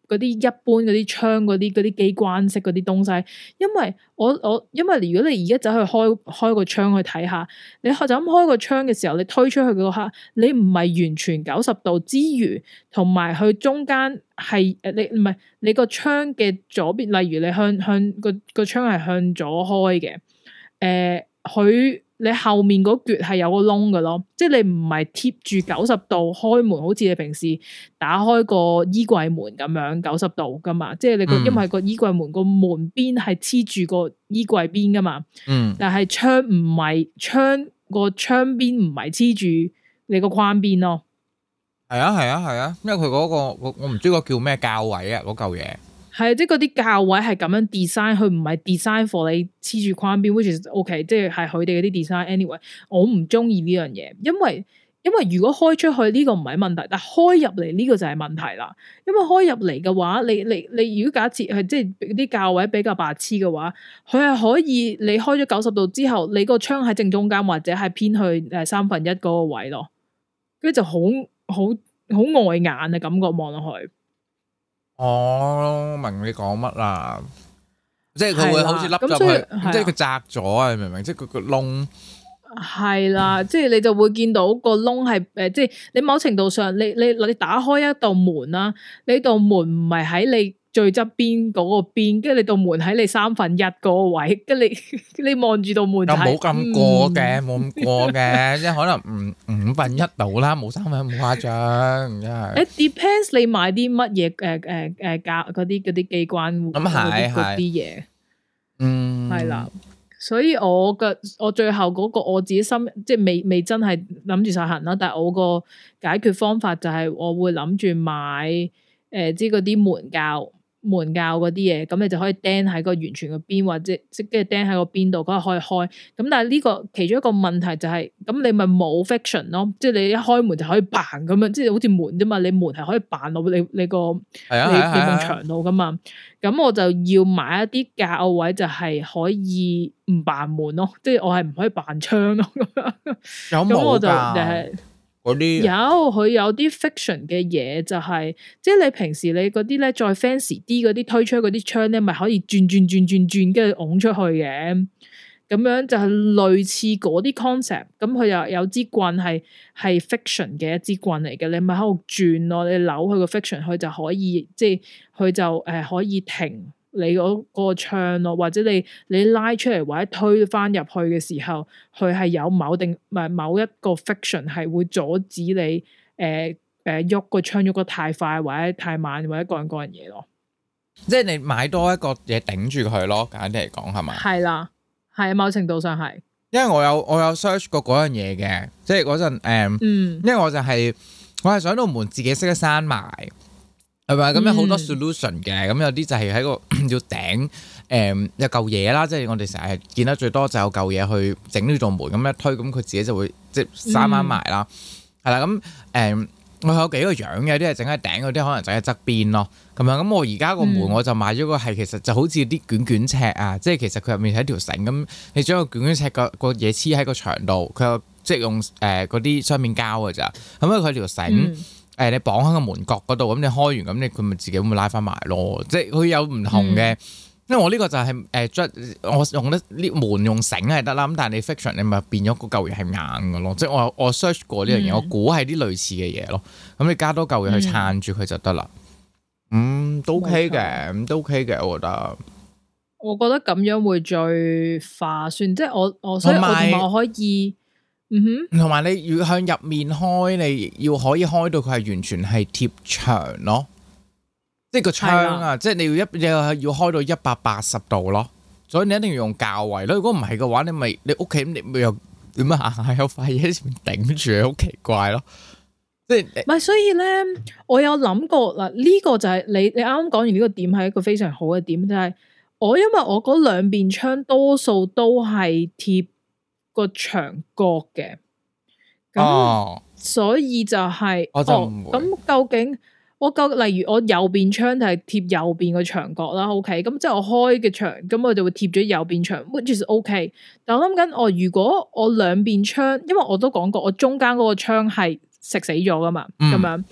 嗰啲一般嗰啲窗嗰啲嗰啲機關式嗰啲東西，因為我我因為如果你而家走去開開個窗去睇下，你開就咁開個窗嘅時候，你推出去嗰刻，你唔係完全九十度之餘，同埋佢中間係，誒你唔係你個窗嘅左邊，例如你向向個個窗係向左開嘅，誒、呃、佢。你後面嗰橛係有個窿嘅咯，即係你唔係貼住九十度開門，好似你平時打開個衣櫃門咁樣九十度噶嘛，即係你個因為個衣櫃門個門邊係黐住個衣櫃邊噶嘛，嗯，但，但係窗唔係窗，個窗邊唔係黐住你個框邊咯，係啊係啊係啊，因為佢嗰個我唔知個叫咩較位啊嗰嚿嘢。係即係嗰啲教位係咁樣 design，佢唔係 design for 你黐住框邊，which is ok，即係佢哋嗰啲 design。Anyway，我唔中意呢樣嘢，因為因為如果開出去呢個唔係問題，但係開入嚟呢個就係問題啦。因為開入嚟嘅話，你你你如果假設係即係啲教位比較白痴嘅話，佢係可以你開咗九十度之後，你個窗喺正中間或者係偏去誒三分一嗰個位咯，跟住就好好好礙眼嘅感覺望落去。我明你講乜啦，即係佢會好似凹咗佢，即係佢窄咗啊！你明唔明？即係佢個窿係啦，即係你就會見到個窿係誒，即係你某程度上，你你你打開一道門啦，呢道門唔係喺你。最側邊嗰個邊，跟住你度門喺你三分一個位，跟住你你望住度門就冇咁過嘅，冇咁過嘅，即係可能五五分一度啦，冇三分一咁誇張，真係。誒，depends 你買啲乜嘢誒誒誒教嗰啲嗰啲機關咁係係啲嘢，嗯，係啦，所以我嘅我最後嗰個我自己心即係未未真係諗住實行啦，但係我個解決方法就係我會諗住買誒，即係嗰啲門教。門鉸嗰啲嘢，咁你就可以釘喺個完全嘅邊，或者即係釘喺個邊度，咁可以開。咁但係、這、呢個其中一個問題就係、是，咁你咪冇 faction 咯，即係你一開門就可以扮咁樣，即係好似門啫嘛，你門係可以扮到你你個你、啊啊啊、你埲牆度噶嘛。咁我就要買一啲鉸位，就係可以唔扮門咯，即係我係唔可以扮窗咯。咁 我就就係、是。有，佢有啲 fiction 嘅嘢就係、是，即係你平時你嗰啲咧再 fancy 啲嗰啲推出嗰啲窗咧，咪可以轉轉轉轉轉，轉，轉，跟住拱出去嘅，咁樣就係類似嗰啲 concept。咁佢又有支棍係係 fiction 嘅一支棍嚟嘅，你咪喺度轉咯、啊，你扭佢個 fiction，佢就可以即係佢就誒、呃、可以停。你嗰個窗咯，或者你你拉出嚟或者推返入去嘅時候，佢係有某定唔係、呃、某一個 friction 係會阻止你誒誒喐個窗喐得太快或者太慢或者各人各樣嘢咯。即係你買多一個嘢頂住佢咯，簡單啲嚟講係咪？係啦，係啊，某程度上係。因為我有我有 search 過嗰樣嘢嘅，即係嗰陣誒，嗯、因為我就係、係、我係想道門自己識得閂埋。係咪咁樣好多 solution 嘅？咁、嗯、有啲就係喺個叫頂誒有嚿嘢啦，即係我哋成日見得最多就有嚿嘢去整呢道門，咁一推咁佢自己就會即係閂翻埋啦。係啦、嗯，咁誒我有幾個樣嘅，啲係整喺頂，有啲可能就喺側邊咯。咁樣，咁我而家個門我就買咗個係，其實就好似啲卷卷尺啊，即係其實佢入面係一條繩。咁你將個卷卷尺個嘢黐喺個牆度，佢又即係用誒嗰啲雙面膠嘅咋。咁啊，佢條繩。誒、呃，你綁喺個門角嗰度，咁你開完咁，你佢咪自己會拉翻埋咯？即係佢有唔同嘅，嗯、因為我呢個就係、是、誒、呃，我用得呢門用繩係得啦。咁但係你 fiction，你咪變咗個舊嘢係硬㗎咯。即係我我 search 過呢樣嘢，我估係啲類似嘅嘢咯。咁你加多舊嘢去撐住佢就得啦。嗯，都 OK 嘅，咁錯都 OK 嘅，我覺得。我覺得咁樣會最划算，即係我我所以我，我可以。同埋、嗯、你要向入面開，你要可以開到佢係完全係貼牆咯，即係個窗啊，的即係你要一又要開到一百八十度咯，所以你一定要用鉸位咯。如果唔係嘅話，你咪你屋企你咪又點啊，有塊嘢喺前面頂住，好奇怪咯。即係唔係？ 所以咧，我有諗過嗱，呢、這個就係、是、你你啱啱講完呢個點係一個非常好嘅點，就係、是、我因為我嗰兩面窗多數都係貼。個牆角嘅，咁那、哦、所以就係、是，咁、哦、究竟我究竟，例如我右邊窗就係貼右邊個牆角啦，OK，咁即係我開嘅牆，咁我就會貼咗右邊牆，which is OK。但我諗緊，我、哦、如果我兩邊窗，因為我都講過，我中間嗰個窗係食死咗噶嘛，咁、嗯、樣。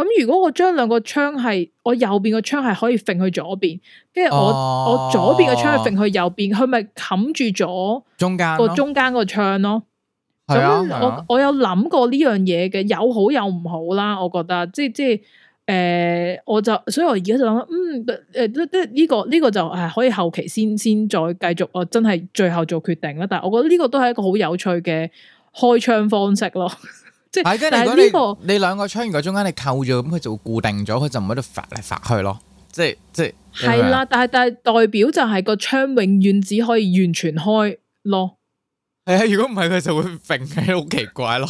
咁如果我將兩個窗係我右邊個窗係可以揈去左邊，跟住我、哦、我左邊個窗係揈去右邊，佢咪冚住咗中間個中間個窗咯？咁、啊啊、我我有諗過呢樣嘢嘅，有好有唔好啦。我覺得即係即係誒、呃，我就所以我而家就諗，嗯誒，呢、呃呢個呢、呢個就誒、呃、可以後期先先再繼續，我真係最後做決定啦。但係我覺得呢個都係一個好有趣嘅開窗方式咯。即係，呢個你兩個窗如果中間你扣咗，咁佢就會固定咗，佢就唔喺度發嚟發去咯。即係，即係係啦，但係但係代表就係個窗永遠只可以完全開咯。係啊，如果唔係佢就會揈，係好奇怪咯。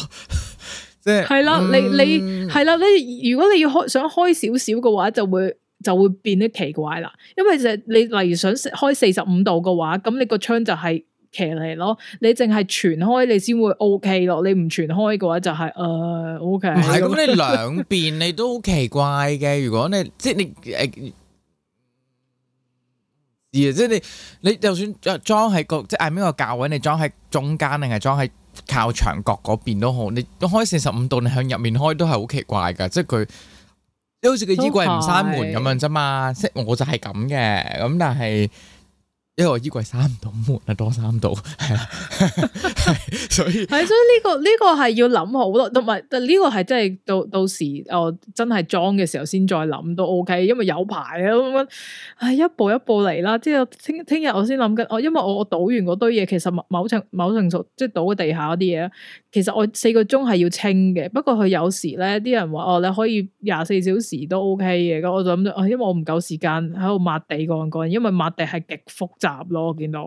即係係啦，你你係啦，你，啊，你如果你要開想開少少嘅話，就會就會變得奇怪啦。因為就係你例如想開四十五度嘅話，咁你個窗就係。騎嚟咯，你淨係傳開你先會 OK 咯，你唔傳開嘅話就係誒 OK。唔係咁你兩邊你都好奇怪嘅，如果你即係你誒，係啊，即係你你就算裝喺個即係按邊個角位，你裝喺中間定係裝喺靠牆角嗰邊都好，你開四十五度，你向入面開都係好奇怪噶，即係佢你好似個衣櫃唔閂門咁樣啫嘛，即係我就係咁嘅，咁但係。因為我衣櫃閂唔到門啊，多閂到係啦，所以係 所以呢、這個呢、這個係要諗好咯，同埋呢個係真係到到時我真係裝嘅時候先再諗都 OK，因為有排啊咁樣，係一步一步嚟啦。之後聽聽日我先諗緊，我因為我我倒完嗰堆嘢，其實某，某程某程度即係倒喺地下嗰啲嘢。其實我四個鐘係要清嘅，不過佢有時咧，啲人話哦，你可以廿四小時都 OK 嘅，咁我就諗住、哦，因為我唔夠時間喺度抹地乾乾，因為抹地係極複雜咯，見到，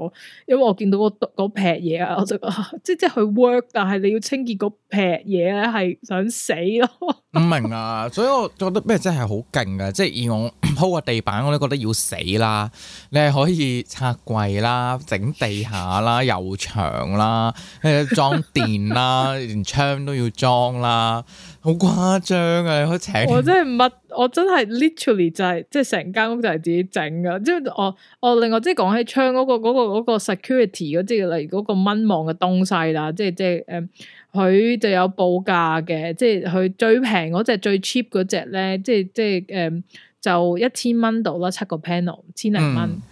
因為我見到嗰劈嘢啊，我就覺得、啊、即即佢 work，但係你要清潔嗰劈嘢咧，係想死咯。唔明啊，所以我覺得咩真係好勁噶，即係以我鋪個地板，我都覺得要死啦。你係可以拆櫃啦，整地下啦，油牆啦，誒、呃、裝電啦。 啊！ 連窗都要裝啦，好誇張啊！好以請我真係乜？我真係 literally 就係、是、即係成間屋就係自己整噶。即係我我另外即係講起窗嗰、嗰個嗰、嗰個嗰、嗰個 security 嗰啲例如嗰個蚊網嘅東西啦，即係即係誒，佢、嗯、就有報價嘅。即係佢最平嗰隻最 cheap 嗰隻咧，即係即係誒，就一千蚊度啦，七個 panel 千零蚊。嗯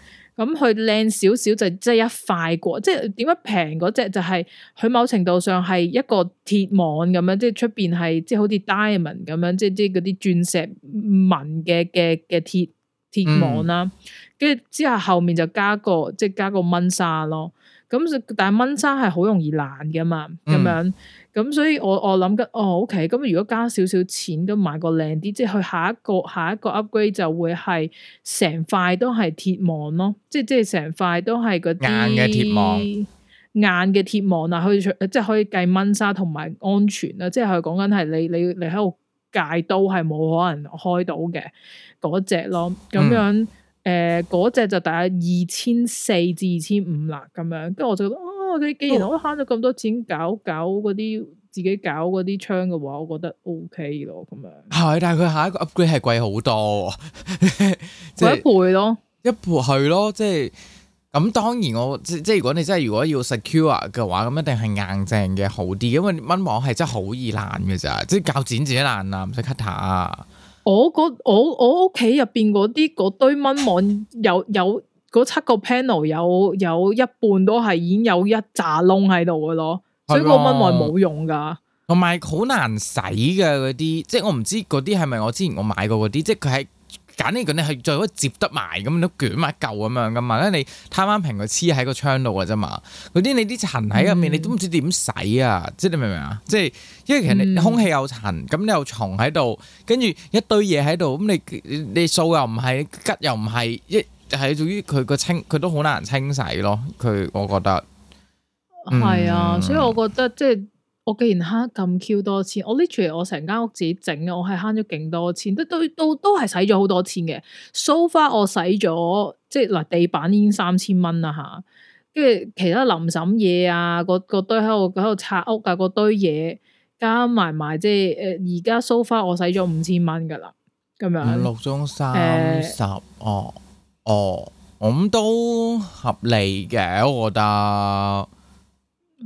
咁佢靚少少就即係一塊過，即係點解平嗰隻就係佢某程度上係一個鐵網咁樣，即係出邊係即係好似 diamond 咁樣，即係啲嗰啲鑽石紋嘅嘅嘅鐵鐵網啦。跟住、嗯、之後後面就加個即係加個蚊砂咯。咁但係蚊砂係好容易爛㗎嘛，咁樣。嗯咁所以我，我我諗緊，哦，OK，咁如果加少少錢，咁買個靚啲，即係佢下一個下一個 upgrade 就會係成塊都係鐵網咯，即係即係成塊都係嗰啲硬嘅鐵網，硬嘅鐵網啊，即可以即係可以計蚊砂同埋安全啦，即係佢講緊係你你你喺度戒刀係冇可能開到嘅嗰隻咯，咁樣誒，嗰隻就大約二千四至二千五啦，咁樣，跟住我就覺得。佢既然我慳咗咁多錢搞搞嗰啲自己搞嗰啲窗嘅話，我覺得 OK 咯，咁樣。係，但係佢下一個 upgrade 係貴好多，即、 即係、一倍咯，一倍係咯，即係咁。當然我即係如果你真係如果要 secure 嘅話，咁一定係硬淨嘅好啲，因為蚊網係真係好易爛嘅咋，即係較剪自己爛啊，唔使 cut 啊。我我我屋企入邊嗰啲嗰堆蚊網有有。有嗰七個 panel 有有一半都係已經有一扎窿喺度嘅咯，的所以個蚊網冇用噶，同埋好難洗嘅嗰啲，即係我唔知嗰啲係咪我之前我買過嗰啲，即係佢喺簡而言之係最好接得埋咁，你都捲埋一嚿咁樣噶嘛，因為你攤翻平佢黐喺個窗度嘅啫嘛。嗰啲你啲塵喺入面，嗯、你都唔知點洗啊！即係你明唔明啊？即係因為其實你空氣有塵，咁你又蟲喺度，跟住一堆嘢喺度，咁你你掃又唔係，吉又唔係一。係屬於佢個清，佢都好難清洗咯。佢我覺得係啊，嗯、所以我覺得即係、就是、我既然慳咁 Q 多錢，我 literally 我成間屋自己整嘅，我係慳咗勁多錢，都都都都係使咗好多錢嘅。sofa 我使咗即係嗱，地板已經三千蚊啦吓，跟、啊、住其他林審嘢啊，個堆喺度喺度拆屋啊，嗰堆嘢加埋埋即係誒、呃、而家 sofa 我使咗五千蚊噶啦，咁樣六千三十、嗯、哦。哦，咁都合理嘅，我覺得。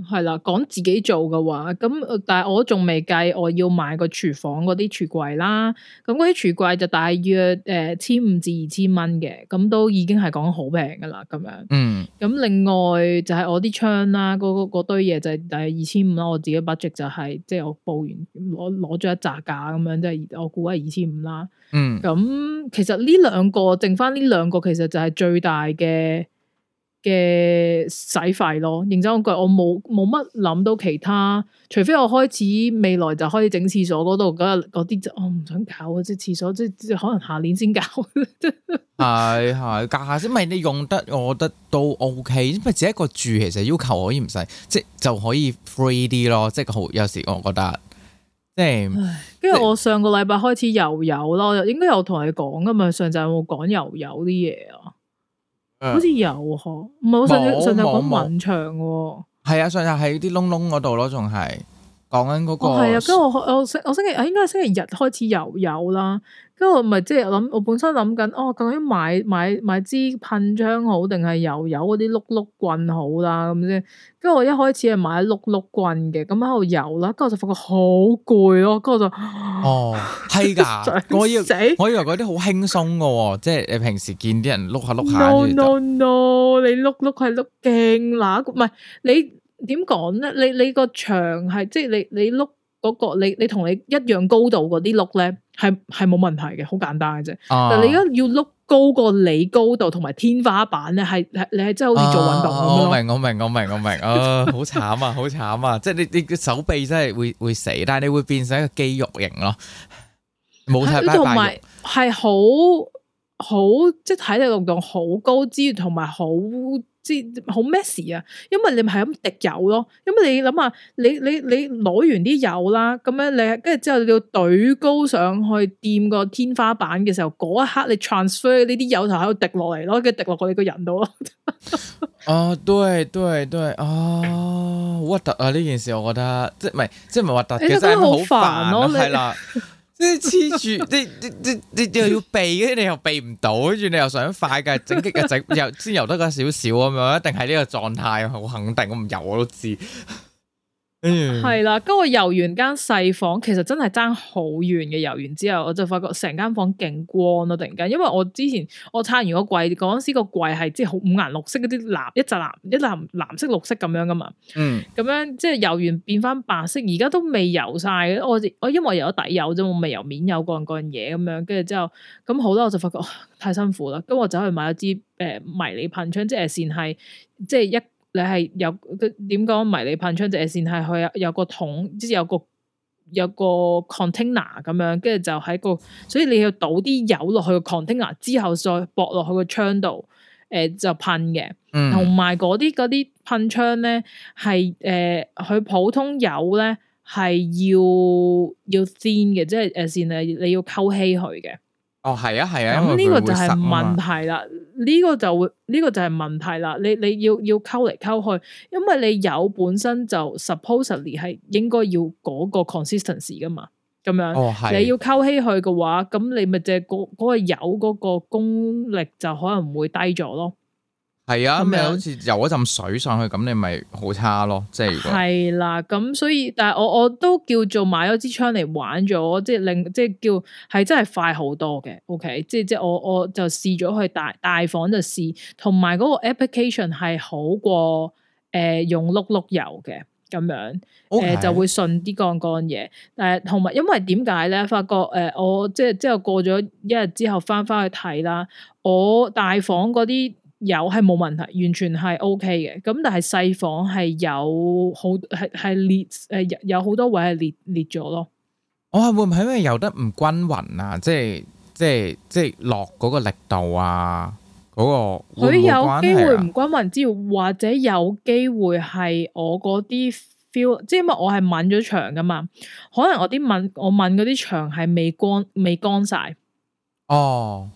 係啦，講自己做嘅話，咁但係我仲未計我要買個廚房嗰啲櫥櫃啦，咁嗰啲櫥櫃就大約誒千五至二千蚊嘅，咁都已經係講好平噶啦，咁樣。嗯，咁另外就係我啲窗啦，嗰、嗰個堆嘢就係二千五啦。我自己 budget 就係即係我報完攞攞咗一紮價咁樣，即、就、係、是、我估係二千五啦。嗯，咁其實呢兩個剩翻呢兩個，兩個其實就係最大嘅。嘅使費咯，認真講句，我冇冇乜諗到其他，除非我開始未來就開始整廁所嗰度，嗰啲即我唔想搞啊，即係廁所即係可能下年先搞。係 係，隔下先，咪你用得，我覺得都 OK。咪自己一個住，其實要求可以唔使，即就可以 free 啲咯。即係好有時，我覺得即係。跟住我上個禮拜開始油油咯，應該有同你講噶嘛？上晝有冇講油油啲嘢啊？好似有嗬，唔係我上上日講文場嘅，係、嗯、啊，上日喺啲窿窿嗰度咯，仲係講緊嗰個，係、哦、啊，跟住我我星我星期啊，應該係星期日開始又有，有啦。跟住我咪即係諗，我本身諗緊哦，究竟買買買支噴槍好，定係油油嗰啲碌碌棍好啦咁先？跟住我一開始係買碌碌棍嘅，咁喺度油啦，跟住我就發覺好攰咯，跟住我就哦，係噶，我要，我以為嗰啲好輕鬆噶，即係你平時見啲人碌下碌下，no no no，你碌碌係碌勁乸，唔係你點講咧？你你個牆係即係你你碌。嗰個你你同你一樣高度嗰啲碌咧，係係冇問題嘅，好簡單嘅啫。但係你而家要碌高過你高度同埋天花板咧，係你係真係好似做運動咁咯。我明我明我明我明啊！好慘啊，好慘啊！即係你你個手臂真係會會死，但係你會變成一個肌肉型咯。冇晒拜拜肉，係好好即係體力勞動好高之餘，同埋好。知好 messy 啊，因為你咪係咁滴油咯，因為你諗下，你你你攞完啲油啦，咁樣你跟住之後你要懟高上去掂個天花板嘅時候，嗰一刻你 transfer 呢啲油就喺度滴落嚟咯，跟住滴落我你個人度咯。啊，對對對啊，好核突啊呢件事，我覺得即係唔係即係唔係核突其實但係好煩咯，係啦你。黐住，你你你你又要避，跟住你又避唔到，跟住你又想快嘅，整極嘅整游先游得個少少咁樣，一定係呢個狀態？我肯定，我唔游我都知。係啦，咁、嗯、我游完間細房，其實真係爭好遠嘅。游完之後，我就發覺成間房勁光咯，啊，突然間。因為我之前我擦完個櫃，嗰陣時個櫃係即係好五顏六色嗰啲藍，一扎藍，一藍藍色、綠色咁樣噶嘛。嗯。咁樣即係游完變翻白色，而家都未游晒。我我因為游咗底油啫，我未游面油嗰樣嗰樣嘢咁樣。跟住之後，咁好啦，我就發覺、哦、太辛苦啦。咁我走去買咗支誒、呃、迷你噴槍，即係先係即係一。你係有點講迷你噴槍，即係先係佢有，有個桶，即係有個有個 container 咁樣，跟住就喺個所以你要倒啲油落去個 container 之後再駁，再駁落去個窗度，誒就噴嘅。嗯，同埋嗰啲嗰啲噴槍咧，係誒佢普通油咧係要要先嘅，即係誒先係你要溝稀佢嘅。 哦，係啊，係啊，咁呢個就係問題啦，呢、呢個就會，呢、呢個就係問題啦，你你要要溝嚟溝去，因為你有本身就 supposedly 係應該要嗰個 consistency 噶嘛，咁樣，哦、你要溝起去嘅話，咁你咪即係嗰嗰個油嗰、嗰個有功力就可能會低咗咯。係啊，咁咪好似游一浸水上去，咁你咪好差咯，即係、如果。係啦，咁所以，但係我我都叫做買咗支槍嚟玩咗，即係令，即係叫係真係快好多嘅。O、okay? K，即係即係我我就試咗去大大房就試，同埋嗰個 application 係好過誒、呃、用碌碌油嘅咁樣，誒 Okay?、呃、就會順啲幹干嘢。但係，同埋因為點解咧？發覺誒、呃，我即係之後過咗一日之後翻翻去睇啦，我大房嗰啲。有係冇問題，完全係 O K 嘅。咁但係細房係有好係係裂誒，有好多位係裂裂咗咯。我係、哦、會唔會因為油得唔均勻啊？即係即係即係落嗰個力度啊，嗰、嗰個佢有機、啊、會唔均勻之，或者有機會係我嗰啲 feel，即係因為我係抿咗牆噶嘛，可能我啲抿我抿嗰啲牆係未乾未乾晒哦。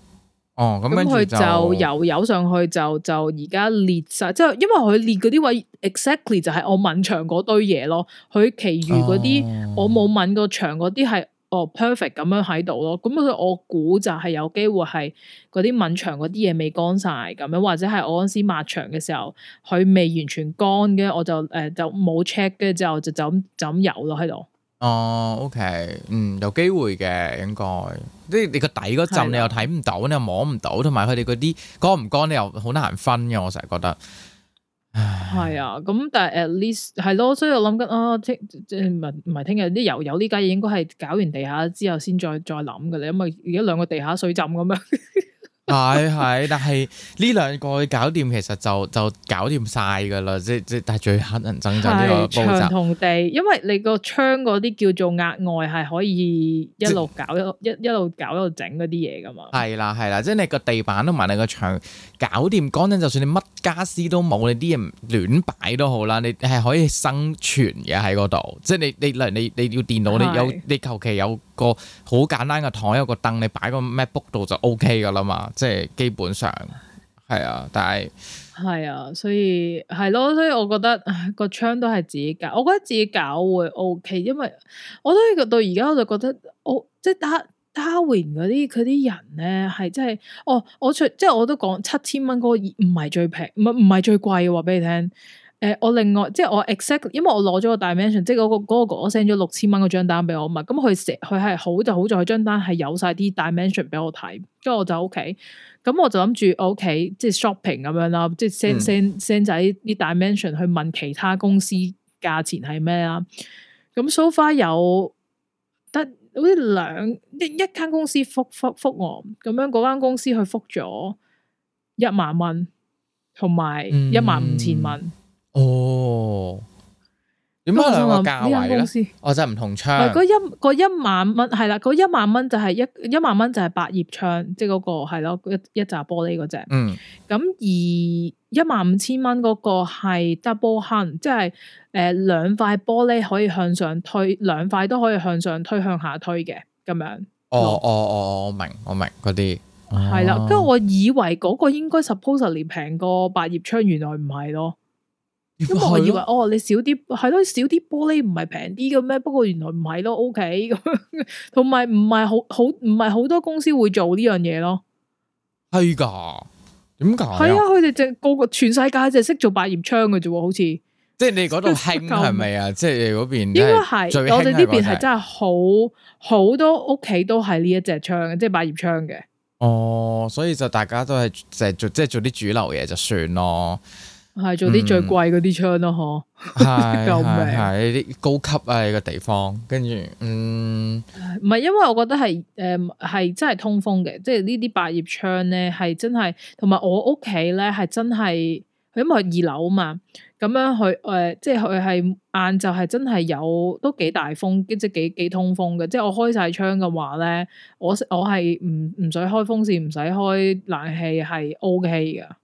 哦，咁佢就油油上去就就而家裂晒，即係因為佢裂嗰啲位，exactly 就係我抿牆嗰堆嘢咯。佢其餘嗰啲、哦、我冇抿過牆嗰啲係哦 perfect 咁樣喺度咯。咁、嗯、佢我估就係有機會係嗰啲抿牆嗰啲嘢未乾晒咁樣，或者係我嗰時抹牆嘅時候佢未完全乾嘅，我就誒、呃、就冇 check，跟住就就就咁油咯喺度。哦，OK，嗯，有機會嘅應該。你你個底嗰浸你又睇唔到，你是的 又摸唔到，同埋佢哋嗰啲乾唔乾你又好難分嘅，我成日覺得。係啊，咁但係 at least 係咯，所以我諗緊啊聽即係唔係唔係聽日啲油油呢家嘢應該係搞完地下之後先再再諗嘅咧，因為而家兩個地下水浸咁樣。 係係， 但係呢兩個搞掂，其實就就搞掂晒噶啦。即即但係最乞人憎就呢個步驟，牆同地，因為你個窗嗰啲叫做額外，係可以一路搞即一搞一搞一路搞一路整嗰啲嘢噶嘛。係啦係啦，即係你個地板同埋你個牆搞掂，講真，就算你乜家私都冇，你啲嘢亂擺都好啦，你係可以生存嘅喺嗰度。即係你你你你，你要電腦，你有你求其有。個好簡單嘅台一個凳，你擺個 MacBook 度就 OK 噶啦嘛，即係基本上係啊。但係係啊，所以係咯、啊，所以我覺得個窗都係自己搞，我覺得自己搞會 OK，因為我都到而家我就覺得我、哦、即係 Darwin 嗰啲佢啲人咧係真係哦，我除即係我都講七千蚊嗰個唔係最平，唔唔係最貴嘅話俾你聽。誒、呃，我另外即係我 exact，因為我攞咗個 dimension，即係、嗰、嗰個嗰、嗰個 send 咗六千蚊嗰張單俾我嘛，咁佢成佢係好就好在佢張單係有晒啲 dimension 俾我睇，跟住我就 OK，咁我就諗住我屋企即係 shopping 咁樣啦，即係 send、嗯、send send 仔啲 dimension 去問其他公司價錢係咩啊。咁 so far 有得好似兩一一間公司覆覆覆我，咁樣嗰間公司去覆咗一萬蚊同埋一萬五千蚊。哦，點解兩個價位公司，哦，真係唔同窗。嗰一嗰一萬蚊係啦，嗰一萬蚊就係一一萬蚊就係百葉窗，即係嗰個係咯，一一集玻璃嗰隻。嗯。咁而一萬五千蚊嗰個係 double hung，即係誒兩塊玻璃可以向上推，兩塊都可以向上推向下推嘅咁樣。哦哦的哦，哦，我明我明嗰啲。係啦，跟住的、哦、我以為嗰個應該 supposedly 平過百葉窗，原來唔係咯。咁、嗯、我以為的哦，你少啲係咯，少啲玻璃唔係平啲嘅咩？不過原來唔係咯，OK。 同埋唔係好好唔係好多公司會做呢樣嘢咯。係噶，點解？係啊，佢哋就個個全世界淨係識做百葉窗嘅啫，好似即係你嗰度興係咪啊？ 即係你嗰邊應該係，我哋呢邊係真係好好多屋企都係呢一隻窗，嘅，即係百葉窗嘅。哦，所以就大家都係就做即係做啲主流嘢就算咯。係做啲最貴嗰啲窗咯，嗬，救命！係係係啲高級啊，呢個地方跟住，嗯，唔係因為我覺得係，誒、呃，係真係通風嘅，即係呢啲百葉窗咧，係真係，同埋我屋企咧係真係，因為佢二樓啊嘛，咁樣佢誒，即係佢係晏晝係真係有都幾大風，即係幾幾通風嘅，即係我開晒窗嘅話咧，我我係唔唔使開風扇，唔使開冷氣係 O K 噶。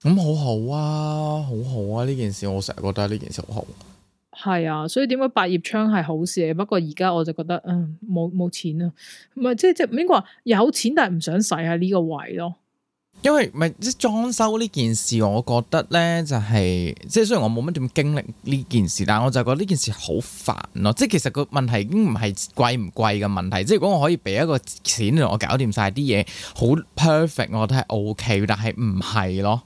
咁、嗯、好好啊，好好啊！呢件事我成日覺得呢件事好好、啊，係啊，所以點解百葉窗係好事？不過而家，我就覺得，嗯，冇冇錢啦，唔係即即，應該話有錢但係唔想使喺呢個位咯。因為唔係即裝修呢件事，我覺得咧就係、是、即雖然我冇乜點經歷呢件事，但我就覺得呢件事好煩咯。即其實個問題已經唔係貴唔貴嘅問題，即如果我可以俾一個錢，我搞掂晒啲嘢，好 perfect，我覺得係 OK，但係唔係咯。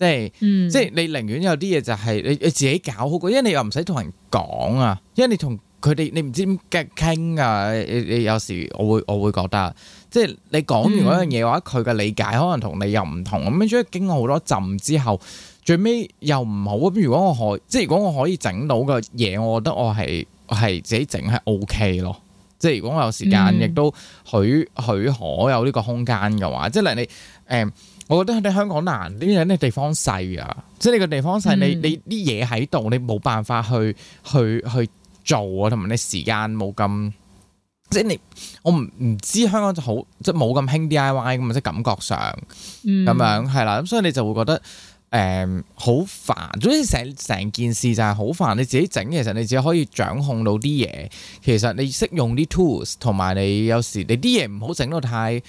即係，即係你寧願有啲嘢就係你你自己搞好過，因為你又唔使同人講啊，因為你同佢哋你唔知點傾啊，你有時我會我會覺得，即係你講完嗰樣嘢嘅話，佢嘅、嗯、理解可能同你又唔同咁，所以經過好多浸之後，最尾又唔好。咁如果我可，即係如果我可以整到嘅嘢，我覺得我係係自己整係 O K 咯。即係如果我有時間，嗯、亦都許許可有呢個空間嘅話，即係你誒。嗯我覺得喺香港難，啲人啲地方細啊，即係你個地方細，你你啲嘢喺度，你冇辦法去去去做啊，同埋你時間冇咁，即係你我唔唔知香港就好，即係冇咁興 D I Y 咁啊，即係感覺上咁樣係啦，咁、嗯、所以你就會覺得誒好、呃、煩，總之成成件事就係好煩，你自己整其實你自己可以掌控到啲嘢，其實你識用啲 tools，同埋你有時你啲嘢唔好整到太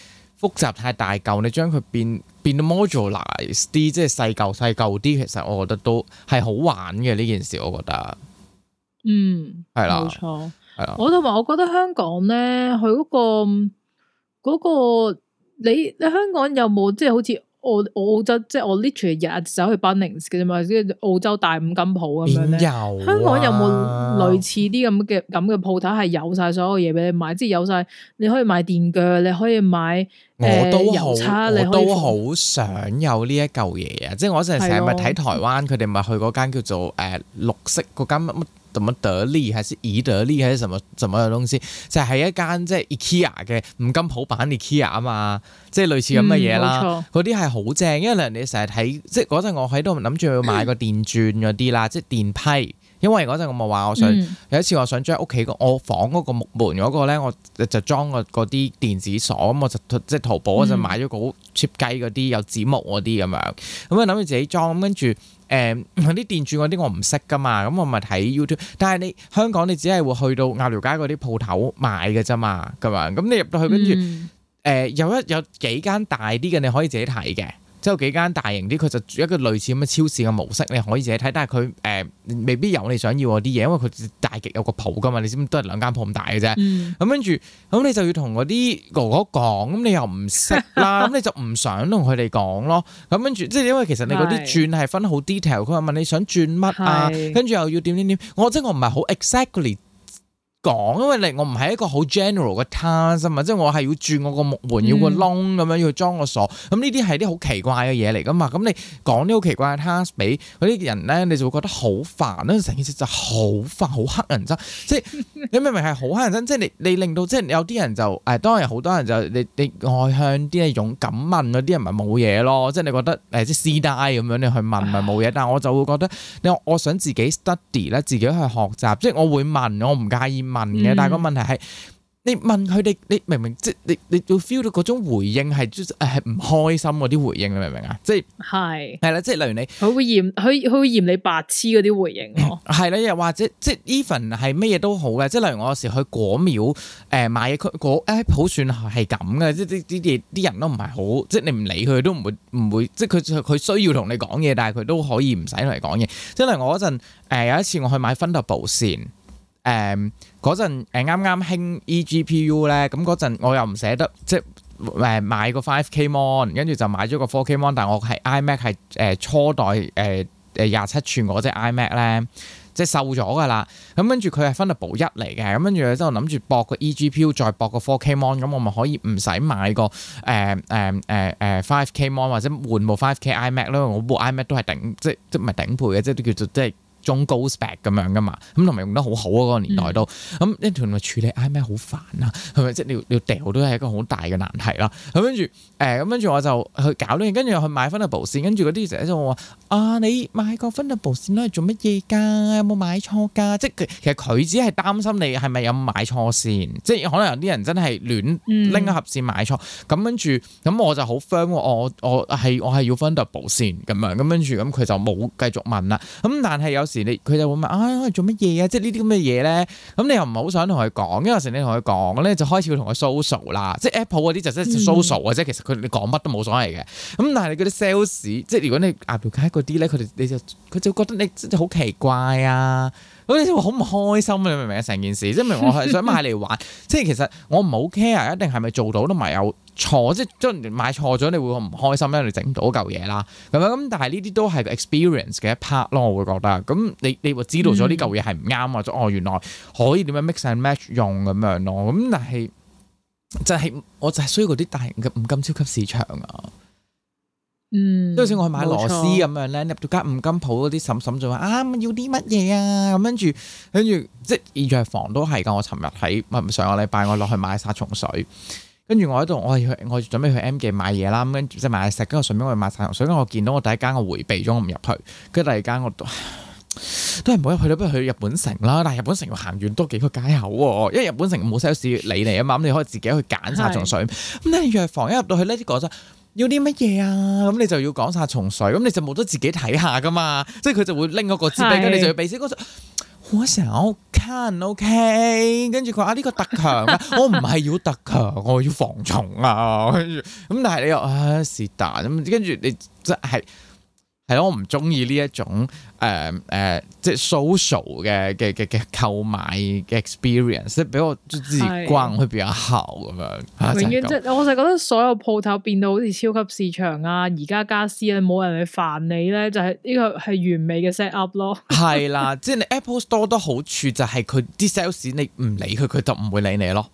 複雜太大嚿，你將佢變變到 modular 啲，即係細嚿細嚿啲，其實我覺得都係好玩嘅呢件事，我覺得，嗯，係啦，冇錯，係啦，我都話我覺得香港咧，佢嗰個，嗰個，你你香港有冇即係好似？我澳洲即我就即係我 literally 日日走去 Bunnings 嘅啫嘛，跟住澳洲大五金鋪咁樣咧。有啊，香港有冇類似啲咁嘅咁嘅鋪頭係有晒所有嘢俾你買，即係有晒你可以買電鋸，你可以買。我都好，我都好想有呢一嚿嘢啊！即係我成日成日咪睇台灣，佢哋咪去嗰間叫做誒、呃、綠色嗰間乜乜。怎麼得利，還是以得利，還是什麼什麼嘅東西？就係、是、一間即係 IKEA 嘅五金鋪版 IKEA 啊嘛，即係類似咁嘅嘢啦。嗰啲係好正，因為你成日睇，即係嗰陣我喺度諗住要買個電鑽嗰啲啦， 即係電批。因為嗰陣我咪話，我想、嗯、有一次我想將屋企個我房嗰個木門嗰個咧，我就裝個嗰啲電子鎖，咁我就即係淘寶嗰陣買咗個 cheap 雞嗰啲有指木嗰啲咁樣，咁我諗住自己裝，咁跟住。誒啲、呃、電鑽嗰啲我唔識噶嘛，咁我咪睇 YouTube。但係你香港你只係會去到鴨寮街嗰啲鋪頭買嘅啫嘛，咁啊，咁你入到去跟住誒、嗯呃、有一有幾間大啲嘅你可以自己睇嘅。即有幾間大型啲，佢就一個類似咁嘅超市嘅模式，你可以自己睇。但係佢誒未必有你想要嗰啲嘢，因為佢大極有個鋪㗎嘛，你知唔知？都係兩間鋪咁大嘅啫。咁跟住，咁你就要同嗰啲哥哥講，咁你又唔識啦，咁你就唔想同佢哋講咯。咁跟住，即係因為其實你嗰啲轉係分好 detail，佢話問你想轉乜啊？跟住是 又要點點點，我即係我唔係好 exactly。講，因為你我唔係一個好 general 嘅 task 啊嘛，即係我係要轉我木要個木門要個窿咁樣要裝個鎖，咁呢啲係啲好奇怪嘅嘢嚟噶嘛，咁你講啲好奇怪嘅 task 俾嗰啲人咧，你就會覺得好煩咯，成件事就好煩，好黑人憎，即係你明唔明係好黑人憎？即係你你令到即係有啲人就誒、哎，當然好多人就你你外向啲啊，勇敢問嗰啲人咪冇嘢咯，即係你覺得誒即 die」咁樣你去問咪冇嘢，哎、但係我就會覺得你我，我想自己 study 咧，自己去學習，即係我會問我唔介意。問嘅，但係個問題係你問佢哋，你明明即係你你會 feel 到嗰種回應係係唔開心嗰啲回應，你明唔明啊？即係係係啦，是即係例如你，佢會嫌佢佢會嫌你白痴嗰啲回應咯，係啦，又或者即係 even 係咩嘢都好嘅，即係例如我有時去果廟誒買嘢，佢、呃、果誒好算係咁嘅，即係啲啲人都唔係好，即係你唔理佢都唔會唔會，即係佢佢需要同你講嘢，但係佢都可以唔使同你講嘢。即係例如我嗰陣誒有一次我去買芬特布線。誒嗰陣啱啱興 EGPU 咧，咁嗰陣我又唔捨得，即係誒買個 5K Mon，跟住就買咗個 4K Mon。但係我係 iMac 係誒、呃、初代誒誒廿七寸嗰隻 iMac 咧，呃、IM A, 即係瘦咗㗎喇。咁跟住佢係分到保一嚟嘅，咁跟住之後諗住駁個 EGPU 再駁個 4K Mon，咁我咪可以唔使買個誒誒誒誒 5K Mon 或者換部 5K iMac 咯。我部 iMac 都係頂即即咪頂配嘅，即都叫做即係。中高 spec 咁樣噶嘛，咁同埋用得好好啊嗰、那個年代都，咁呢、嗯嗯、團咪處理 i p 好煩啊，係咪？即係你要要掉都係一個好大嘅難題啦。咁跟住誒，咁、欸、跟住我就去搞呢，跟住又去買分立佈線，跟住嗰啲成日都我話啊，你買個分立佈線都係做乜嘢㗎？有、啊、冇買錯㗎？即係其實佢只係擔心你係咪有，有買錯線，即係可能有啲人真係亂拎一盒線買錯。咁、嗯、跟住，咁我就好 firm，r 我我係我係要分立佈線咁樣，咁跟住，咁佢就冇繼續問啦。咁但係有。佢就會問啊、哎、做乜嘢啊？即係呢啲咁嘅嘢咧，咁你又唔係好想同佢講。因為成日同佢講咧，就開始會同佢 social 啦，即係 Apple 嗰啲就真係 social 嘅啫。其實佢你講乜都冇所謂嘅。咁但係你嗰啲 sales，即係如果你阿條街嗰啲咧，佢哋你就佢就覺得你真係好奇怪啊！咁你就好唔開心，你明唔明啊？成件事即係明我係想買嚟玩， 即係其實我唔好 care，一定係咪做到都唔係有。錯即係將買錯咗，你會唔開心咧？你整唔到嗰嚿嘢啦，咁樣咁。但係呢啲都係 experience 嘅一 part 咯，我會覺得。咁你你會知道咗呢嚿嘢係唔啱，或者哦原來可以點樣 mix and match 用咁樣咯。咁但係就係我就係需要嗰啲大型嘅五金超級市場啊。嗯，好似我去買螺絲咁樣咧，入到間五金鋪嗰啲嬸嬸就話啊，要啲乜嘢啊？咁跟住，跟住即係藥房都係噶。我尋日喺唔上個禮拜，我落去買殺蟲水。跟住我喺度，我去，我準備去 M 記買嘢啦。咁跟住即係買嘢食，跟住順便我去買曬蟲水。咁我見到我第一間我回避咗，我唔入去。跟住第二間我都都唔冇入去啦，不如去日本城啦。但係日本城行遠多幾個街口喎，因為日本城冇 sales 理你啊嘛，咁你可以自己去揀曬蟲水。咁你藥房一入到去呢啲講真，要啲乜嘢啊？咁你就要講曬蟲水，咁你就冇得自己睇下噶嘛。即係佢就會拎一個紙，跟住是你就要俾啲我成日屋 c a ok，跟住佢話啊呢、呢個特強啊，我唔係要特強，我要防蟲啊，跟住咁但係你又啊是但咁，跟住你即係。係咯，我唔中意呢一種誒誒、呃呃，即係 social 嘅嘅嘅嘅購買嘅 experience，即係俾我即之自逛去的比較好咁樣。永遠白即係，我就覺得所有鋪頭變到好似超級市場啊，宜家家俬咧，冇人去煩你咧，就係呢個係完美嘅 set up 咯。係 啦，即係你 Apple Store 都好處就係佢啲 sales，你唔理佢，佢就唔會理你咯。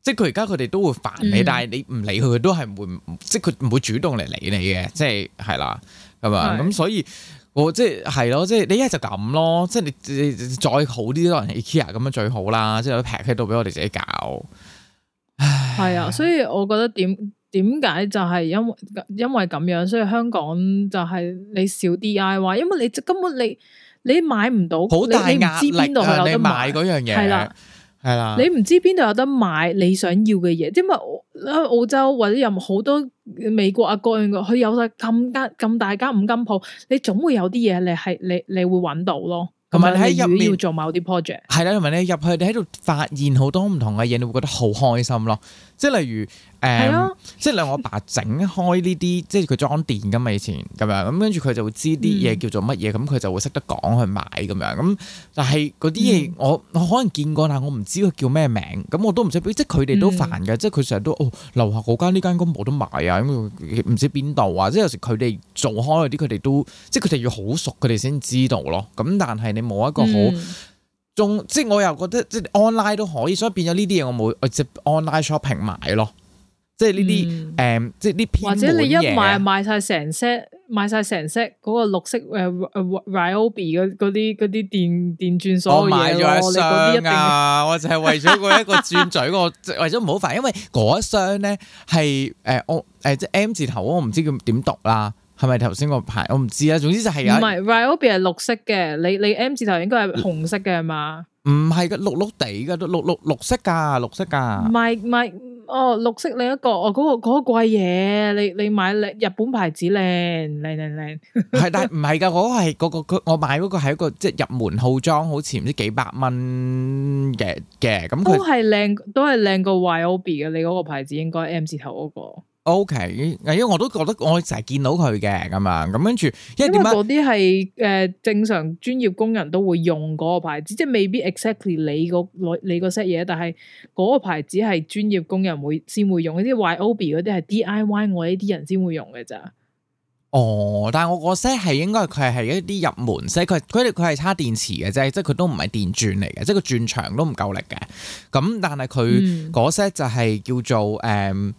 即係佢而家佢哋都會煩你，但係你唔理佢，佢都係唔會，即係佢唔會主動嚟理你嘅。即係係啦。咁啊，咁係呀所以我即係咯，即係你一就咁咯，即係你再好啲多人 IKEA 咁樣最好啦，即係有啲平喺度俾我哋自己搞。係啊，所以我覺得點點解就係因為因為咁樣，所以香港就係你少 DIY，因為你根本你你買唔到，好大壓力啊！你買嗰樣嘢。係啦，你唔知邊度有得買你想要嘅嘢，因為澳洲或者有好多美國啊各樣嘅，佢、啊、有晒咁間咁大間五金鋪，你總會有啲嘢，你係你你會揾到咯。同埋你喺入面要做某啲 project，係啦，同埋你入去你喺度發現好多唔同嘅嘢，你會覺得好開心咯。即係例如誒。嗯 即係令我爸整開呢啲，即係佢裝電噶嘛，以前咁樣咁，跟住佢就會知啲嘢叫做乜嘢，咁佢、嗯、就會識得講去買咁樣。咁但係嗰啲嘢，我我可能見過，但係我唔知佢叫咩名，咁我都唔識。即係佢哋都煩嘅，即係佢成日都哦樓下嗰間呢間都冇得買啊，唔知邊度啊。即係有時佢哋做開嗰啲，佢哋都即係佢哋要好熟，佢哋先知道咯。咁但係你冇一個好仲、嗯，即係我又覺得即係 online 都可以，所以變咗呢啲嘢我冇我即係 online shopping 買咯。即係呢啲，誒，嗯、即係呢偏門嘢或者你一買買晒成 set，買晒成 set 嗰個綠色誒 Ryobi 嗰啲嗰啲電電鑽所有嘢咯。我買咗一箱啊！我就係為咗嗰一個鑽嘴， 我為咗唔好煩。因為嗰一箱咧係誒我誒即係 M 字頭，我唔知叫點讀啦、啊，係咪頭先個牌？我唔知啦、啊。總之就係有。唔係 Ryobi 係綠色嘅，你你,你 M 字頭應該係紅色嘅係嘛？綠 唔係噶，綠綠地噶，綠綠綠色噶，綠色噶。唔係唔係，my, my, 哦，綠色另一個哦，嗰、嗰個嗰個貴嘢，你你買日本牌子靚靚靚。係， 但係唔係噶，嗰、嗰個係佢，我買嗰個係一個即係入門套裝，好似唔知幾百蚊嘅嘅咁。都係靚，都係靚過 Yobi 嘅，你嗰個牌子應該 M 字頭嗰、嗰個。O、okay, K，因為我都覺得我成日見到佢嘅咁樣，咁跟住因為點啊？嗰啲係誒正常專業工人都會用嗰個牌子，即係未必 exactly 你個你個 set 嘢，但係嗰個牌子係專業工人會先會用。啲 Yobi 嗰啲係 D I Y，我呢啲人先會用嘅咋。哦，但係我嗰 set 係應該佢係一啲入門 set 佢佢哋，佢係叉電池嘅啫，即係佢都唔係電鑽嚟嘅，即係佢鑽長都唔夠力嘅。咁但係佢嗰 set 就係叫做誒。嗯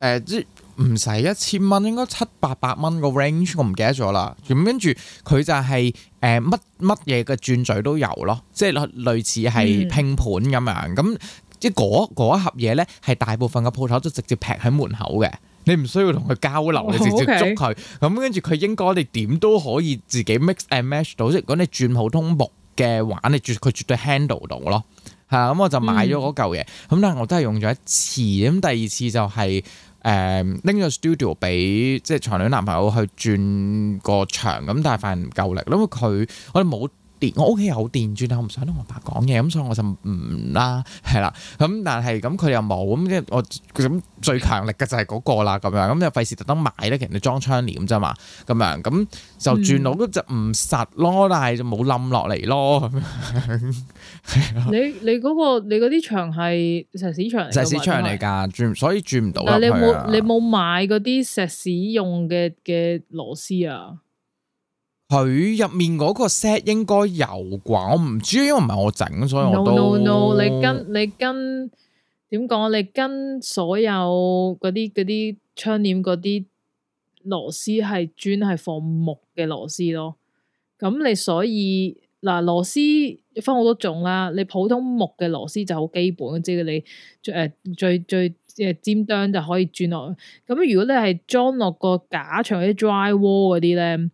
誒，即唔使一千蚊，應該七八百蚊個 range，我唔記得咗啦。咁跟住佢就係誒乜乜嘢嘅鑽嘴都有咯，即係類似係拼盤咁樣。咁、嗯、即嗰一盒嘢咧，係大部分嘅鋪頭都直接劈喺門口嘅，你唔需要同佢交流，你直接捉佢。咁跟住佢應該你點都可以自己 mix and match 到。即如果你轉普通木嘅話，你絕佢絕對 handle 到咯。吓、嗯，咁、嗯嗯、我就買咗嗰嚿嘢。咁但係我都係用咗一次。咁第二次就係、是。誒拎咗、嗯、studio 俾即係長女男朋友去轉個場，咁，但係發現唔夠力，因為佢我哋冇。我屋企有好電轉啊，唔想同我爸講嘢，咁所以我就唔啦，係啦。咁但係咁佢又冇，咁即係我咁最強力嘅就係嗰、嗰個啦。咁樣咁又費事特登買咧，其實你裝窗簾啫嘛。咁樣咁就轉路都就唔實咯，但係就冇冧落嚟咯。咁樣你、嗰個、你嗰個你嗰啲牆係石屎牆嚟石屎牆嚟㗎，轉所以轉唔到、啊。但係你冇你冇買嗰啲石屎用嘅嘅螺絲啊？佢入面嗰個 set 應該有啩，我唔知，因為唔係我整，所以我都。no no no，你跟你跟點講？你跟所有嗰啲啲窗簾嗰啲螺絲係專係放木嘅螺絲咯。咁你所以嗱、啊、螺絲分好多種啦。你普通木嘅螺絲就好基本，即係你誒最、呃、最誒尖端就可以鑽落。咁如果你係裝落個假牆嗰啲 dry wall 嗰啲咧。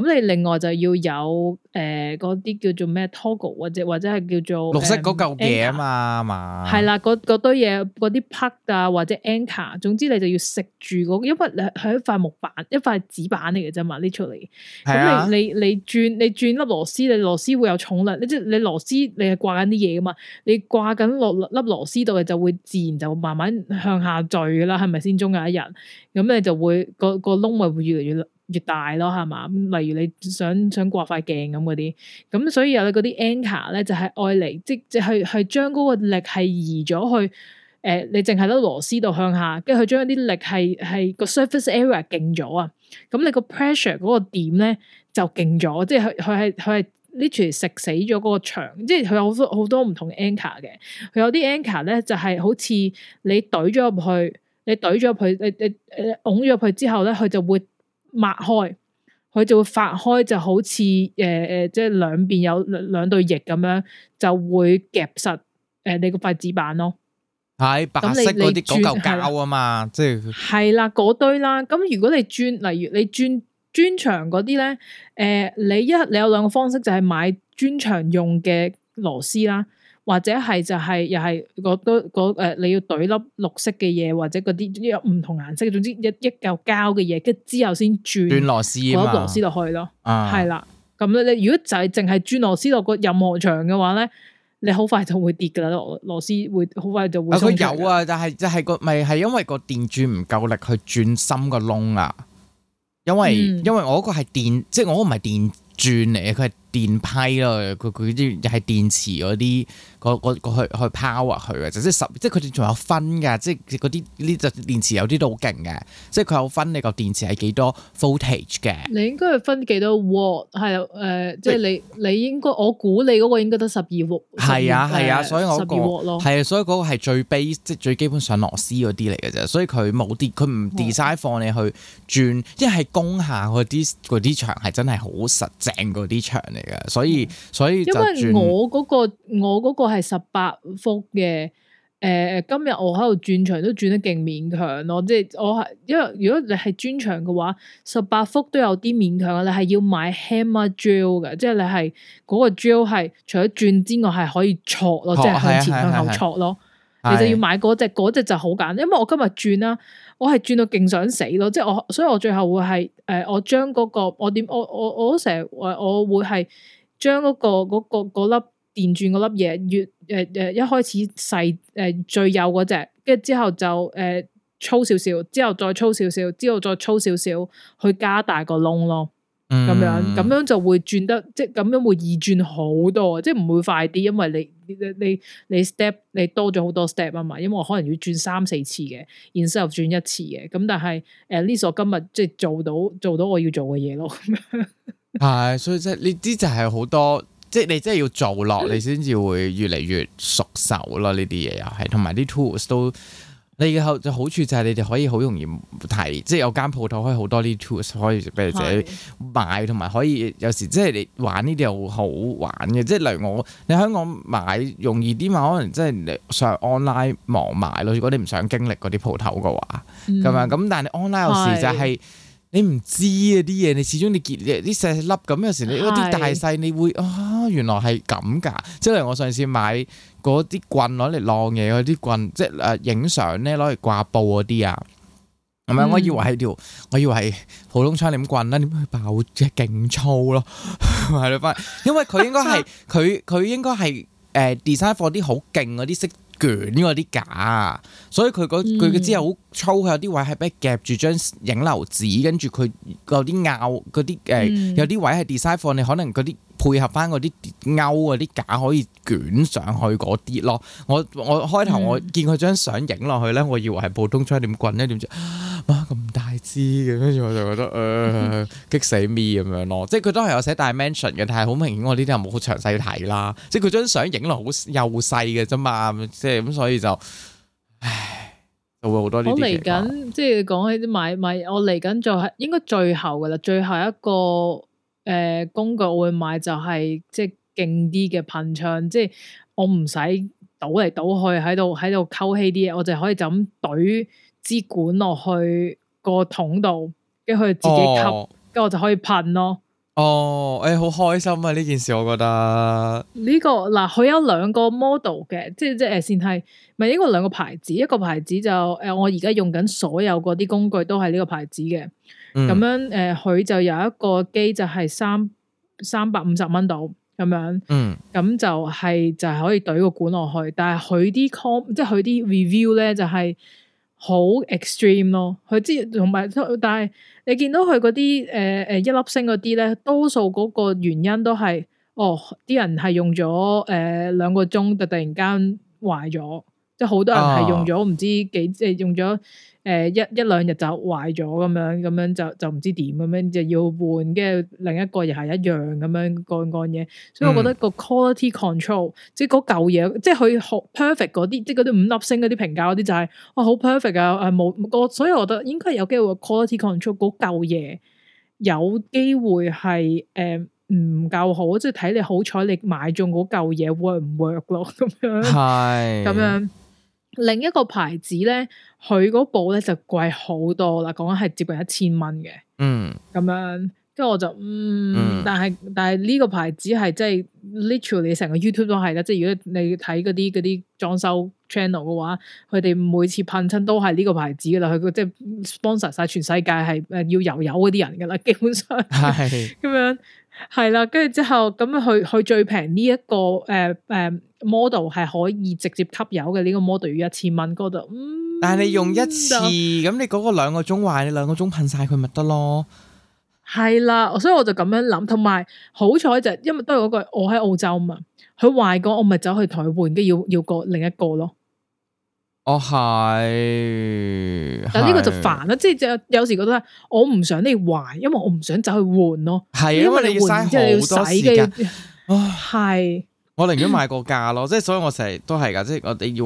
咁你另外就要有誒嗰啲叫做咩 toggle 或者或者係叫做綠色嗰嚿嘢啊嘛，係、嗯、啦，嗰嗰堆嘢嗰啲 plug 啊或者 anchor，總之你就要食住，因為你係一塊木板，一塊、木板一塊紙板嚟嘅啫嘛，literally 是、啊。咁你你你轉你轉粒螺絲，你螺絲會有重量啦，即、就、係、是、你螺絲你係掛緊啲嘢噶嘛，你掛緊落粒螺絲度嘅就會自然就慢慢向下墜啦，係咪先？中有一日，咁你就會、那個、那個窿咪會越嚟越。越大咯，係嘛？例如你想想刮塊鏡咁嗰啲，咁所以有啲 anchor 咧就係愛嚟，即係係係將嗰個力係移咗去誒、呃，你淨係得螺絲度向下，跟住佢將啲力係係個 surface area 勁咗啊！咁你個 pressure 嗰個點咧就勁咗，即係佢佢係佢係 literally 食死咗嗰個牆，即係佢有好多好多唔同 anchor 嘅。佢有啲 anchor 咧就係好似你懟咗入去，你懟咗入去，你你拱咗入去之後咧，佢就會。抹開佢就會發開，就好似，誒誒，即係兩邊有兩兩對翼咁樣，就會夾實誒你個筷子板咯。係、哎、白色嗰啲嗰嚿膠啊嘛，即係係啦嗰堆啦。咁如果你磚，例如你磚磚牆嗰啲咧，誒、呃，你一你有兩個方式，就係、是、買磚牆用嘅螺絲啦。或者係就係、係、又係嗰，誒你要懟粒綠色嘅嘢，或者嗰啲有唔同顏色，總之一一嚿膠嘅嘢，跟之後先轉，螺絲、嗯、螺絲落去咯，係啦。咁咧，你如果就係淨係轉螺絲落個任何牆嘅話咧，你好快就會跌噶啦，螺螺絲會好快就會。啊，佢有啊，但係就係個咪係因為個電鑽唔夠力去轉深個窿啊？因為、嗯、因為我嗰個係電，即係我唔係電鑽嚟嘅，佢係。電批咯，佢佢啲係電池嗰啲，嗰嗰嗰去去拋啊去嘅，就即係十，即係佢哋仲有分㗎，即係嗰啲呢隻電池有啲都好勁嘅，即係佢有分你個電池係幾多 footage 嘅。你應該係分幾多 watt 係誒，即係你你，你應該，我估你嗰個應該得十二 watt 係啊係啊，所以我十二 watt 咯。係啊，所以嗰個係最 basic 最基本上螺絲嗰啲嚟嘅啫，所以佢冇啲佢唔 design 放你去轉，一係攻下嗰啲嗰啲牆係真係好實正嗰啲牆。所以所以，所以因為我嗰、那個我個係十八伏嘅，誒、呃，今日我喺度鑽牆都鑽得勁勉強咯，即係我係、就是、因為如果你係鑽牆嘅話，十八伏都有啲勉強，你係要買 hammer drill 嘅，即、就、係、是、你係嗰、那個 drill 係除咗轉之外係可以挫咯，即係、哦、向前、啊、向後挫咯。其實就要買嗰隻，嗰隻就好簡單。因為我今日轉啦，我係轉到勁想死咯，即係我，所以我最後會係誒、呃，我將嗰、那個我點我我我成日，我會係將嗰個嗰、那個粒、那個、電鑽嗰粒嘢越誒誒、呃，一開始細誒、呃、最幼嗰隻，跟住之後就誒、呃、粗少少，之後再粗少少，之後再粗少少，去加大個窿咯，咁樣咁、嗯、樣就會轉得即係咁樣會易轉好多，即係唔會快啲，因為你。你你 step 你多咗好多 step 啊嘛，因為我可能要轉三四次嘅，然後轉一次嘅，咁但係誒呢我今日即係做到做到我要做嘅嘢咯，係、 啊，所以即係呢啲就係、是、好、就是、多，即、就、係、是、你真係要做落，你先至會越嚟越熟手咯，呢啲嘢又係，同埋啲 tools 都。你嘅好就好處就係你哋可以好容易睇，即係有間鋪頭可以好多啲 tools 可以俾你自己買，同埋是可以有時即係你玩呢啲又好玩嘅。即係例如我，你香港買容易啲嘛？可能即係你上 online 網買咯。如果你唔想經歷嗰啲鋪頭嘅話，咁樣咁？但係 online 有時就係、是、是你唔知啊啲嘢，你始終你結啲細粒咁有時你，你嗰啲大細你會啊是、哦，原來係咁噶。即係例如我上次買。嗰啲棍攞嚟晾嘢，嗰啲棍即係誒影相咧攞嚟掛布嗰啲啊，係咪、嗯？我以為係條，我以為係普通窗簾棍啦，點解佢爆嘅勁粗咯？係咯，翻為因為佢應該係佢佢應該係誒 design for 啲好勁嗰啲色卷嗰啲架啊，所以佢嗰佢嗰支好粗，佢有啲位係俾夾住張影樓紙，跟住佢有啲拗嗰啲誒有啲位係 design for 你可能嗰啲。配合翻嗰啲勾嗰啲架可以捲上去嗰啲咯，我我開頭我見佢張相影落去咧，我以為係普通槍點棍咧，點知，哇咁、啊、大支嘅，跟住我就覺得誒、呃、激死 me 咁樣咯，即係佢都係有寫 dimension 嘅，但係好明顯我呢啲係冇好詳細睇啦，即係佢張相影落好幼細嘅啫嘛，即係咁所以就，唉，就會好多呢啲嚟緊，即係講起啲買買，我嚟緊就係應該最後噶啦，最後一個。誒、呃、工具我會買就係、是、即係勁啲嘅噴槍，即係我唔使倒嚟倒去喺度喺度溝氣啲嘢，我就可以就咁懟支管落去個桶度，跟佢自己吸，跟住、哦、我就可以噴咯。哦，誒、哎、好開心啊！呢件事我覺得呢、這個嗱，佢有兩個 model 嘅，即係即係、呃、先係唔係應該兩個牌子？一個牌子就誒、呃，我而家用緊所有嗰啲工具都係呢個牌子嘅。咁、嗯、樣，誒、呃，佢就有一個機就係三三百五十蚊度咁樣，咁、嗯、就係、是、就係可以懟個管落去。但係佢啲 com 即係佢啲 review 咧，就係好 extreme 咯。佢之同埋，但係你見到佢嗰啲，誒、呃、誒，一粒星嗰啲咧，多數嗰個原因都係，哦，啲人係用咗誒、呃、兩個鐘就突然間壞咗。即係好多人係用咗唔知幾，即係用咗誒、呃、一一兩日就壞咗咁樣，咁樣就就唔知點咁樣就就要換，跟住另一個又係一樣咁樣幹幹嘢，所以我覺得個 quality control、嗯、即係嗰嚿嘢，即係佢好 perfect 嗰啲，即係嗰啲五粒星嗰啲評價嗰啲就係哇好 perfect 啊，誒冇我，所以我覺得應該有機會有 quality control 嗰嚿嘢有機會係誒唔夠好，即係睇你好彩你買中嗰嚿嘢 work 唔 work 咯，咁樣係咁樣。是 另一個牌子咧，佢嗰部咧就貴好多啦，講緊係接近一千蚊嘅。嗯，咁樣，跟住我就嗯，但係但係呢個牌子係即係 literally 成個 YouTube 都係啦，即係如果你睇嗰啲嗰啲裝修 channel 嘅話，佢哋每次噴親都係呢個牌子噶啦，佢即係 sponsor 晒全世界係誒要油油嗰啲人噶啦，基本上係咁是樣。係啦，跟住之後咁去去最平呢一個誒誒、呃呃、model 係可以直接吸油嘅呢、呢個 model 要一千蚊，嗰度嗯。但係你用一次，咁、嗯、你嗰個兩個鐘壞，壞你兩個鐘噴晒佢咪得咯？係啦，所以我就咁樣諗，同埋好彩就係、是、因為都係嗰句，我喺澳洲嘛，佢壞個我咪走去台換，跟住要要個另一個咯。哦，係，但呢個就煩啦，是即係就有時覺得我唔想你壞，因為我唔想走去換咯，係啊，因為你嘥好多時間，係，哦、是我寧願買個價咯，即係所以我成日都係噶，即係我哋要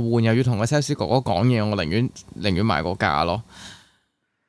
又換又要同個 sales 哥哥講嘢，我寧願寧願買個價咯。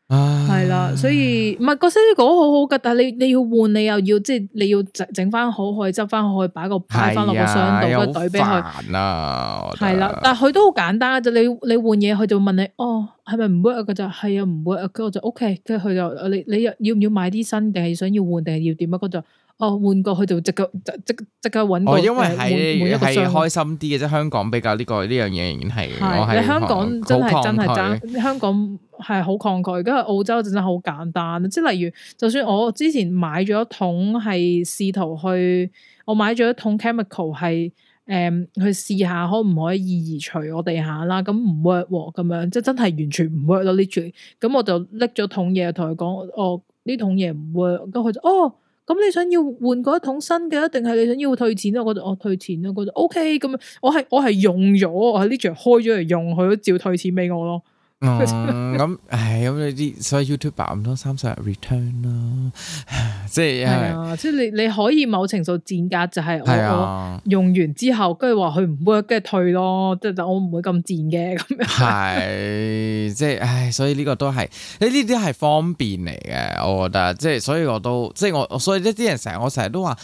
係啦、啊，所以唔係個 sales 哥好好噶，但係你你要換，你又要即係你要整整翻好，可以執翻可以擺個派翻落個箱度，跟袋懟俾佢。係啊，好煩啊！係啦，但係佢都好簡單就你你換嘢，佢就問你哦，係咪唔 work 係啊，唔 work 佢就 OK，跟住佢就你你又要唔要買啲新，定係想要換，定係要點啊？佢就哦換過，佢就即刻即即即刻搵個、哦，因為係係開心啲嘅，即係香港比較呢、呢個呢樣嘢，這個這個、仍然係你香港真係真係爭香港。係好抗拒，而家澳洲真係好簡單。即係例如，就算我之前買咗一桶，係試圖去，我買咗一桶 chemical，係誒、嗯、去試下可唔可以移除我地下啦。咁唔 work 咁樣，即係真係完全唔 work 咯。literally 咁我就拎咗桶嘢，同佢講：，哦呢桶嘢唔 work。咁佢就：哦咁你想要換過一桶新嘅，定係你想要退錢啊？我覺得、哦：，我退錢啦。覺得 OK。咁我係我係用咗，我喺 literally 開咗嚟用，佢都照退錢俾我咯。咁，唉、嗯，咁你啲所以 YouTube 啊唔通三十日 return 咯、啊？即 係為，即係你你可以某程度賤價就係、是我，啊、我用完之後，跟住話佢唔 work 跟住退咯，即係我唔會咁賤嘅咁樣。係， 即、就、係、是，唉，所以呢個都係，誒，呢啲係方便嚟嘅，我覺得，即係，所以我都，即係我，所以呢啲人成日我成日都話，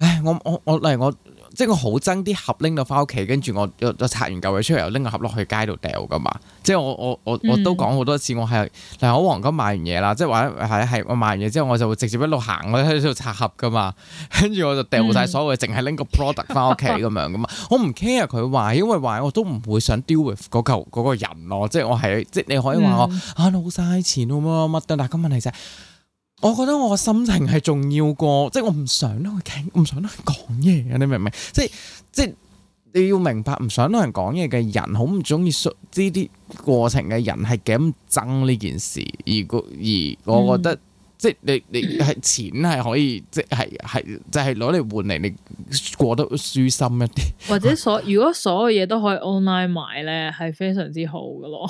唉，我我我例如我。我我我我即係我好憎啲盒拎到翻屋企，跟住我拆完舊嘢出嚟，又拎個盒落去街度掉噶嘛。即係我我我我都講好多次，我係嗱我黃金買完嘢啦，即係話係係我買完嘢之後，我就會直接一路行，我喺度拆盒噶嘛。跟住我就掉晒所有，淨係拎個 product 翻屋企咁樣噶嘛。我唔 care 佢話，因為話我都唔會想 deal with 嗰嚿個人咯。即係我係即係你可以話我啊，好嘥錢啊嘛，乜都。但係個問題就係。我覺得我個心情係重要過，即係我唔想同佢傾，唔想同佢講嘢，你明唔明？即係即係你要明白，唔想同人講嘢嘅人，好唔中意輸呢啲過程嘅人，係咁憎呢件事。如而，而我覺得，嗯、即係你你係錢係可以，即係係就係攞嚟換嚟，你過得舒心一啲。或者所 如果所有嘢都可以 online 買咧，係非常之好噶咯。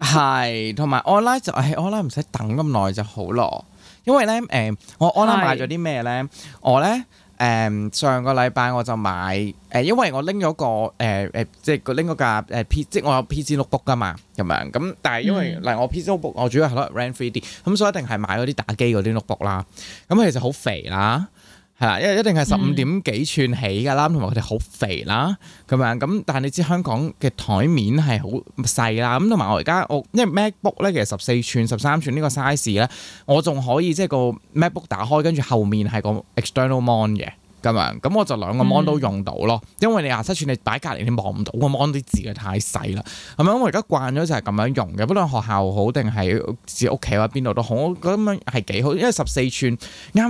係， 同埋 online 就係 online 唔使等咁耐就好咯。因為咧，誒、呃，我 online 買咗啲咩咧？是我咧，誒、呃，上個禮拜我就買，誒、呃，因為我拎咗個，誒，誒，即係個拎嗰架，誒、呃、P，即係我有 P C notebook 噶嘛，咁樣，咁但係因為，嗱、嗯，我 P C notebook 我主要係攞嚟 run 3D，咁、嗯、所以一定係買嗰啲打機嗰啲 notebook 啦，咁、嗯、其實好肥啦。係啦，因為一定係十五點幾寸起㗎啦，同埋佢哋好肥啦咁樣咁。但係你知香港嘅台面係好細啦，咁同埋我而家我因為 MacBook 咧，其實十四寸、十三寸呢個 size 咧，我仲可以即係、就是、個 MacBook 打開，跟住後面係個 external mon 嘅。咁樣，咁我就兩個 mon 都用到咯，嗯、因為你廿七寸你擺隔離你望唔到個 mon 啲字太細啦，係咪？我而家慣咗就係咁樣用嘅，不論學校好定係自己屋企啊邊度都好，咁樣係幾好，因為十四寸啱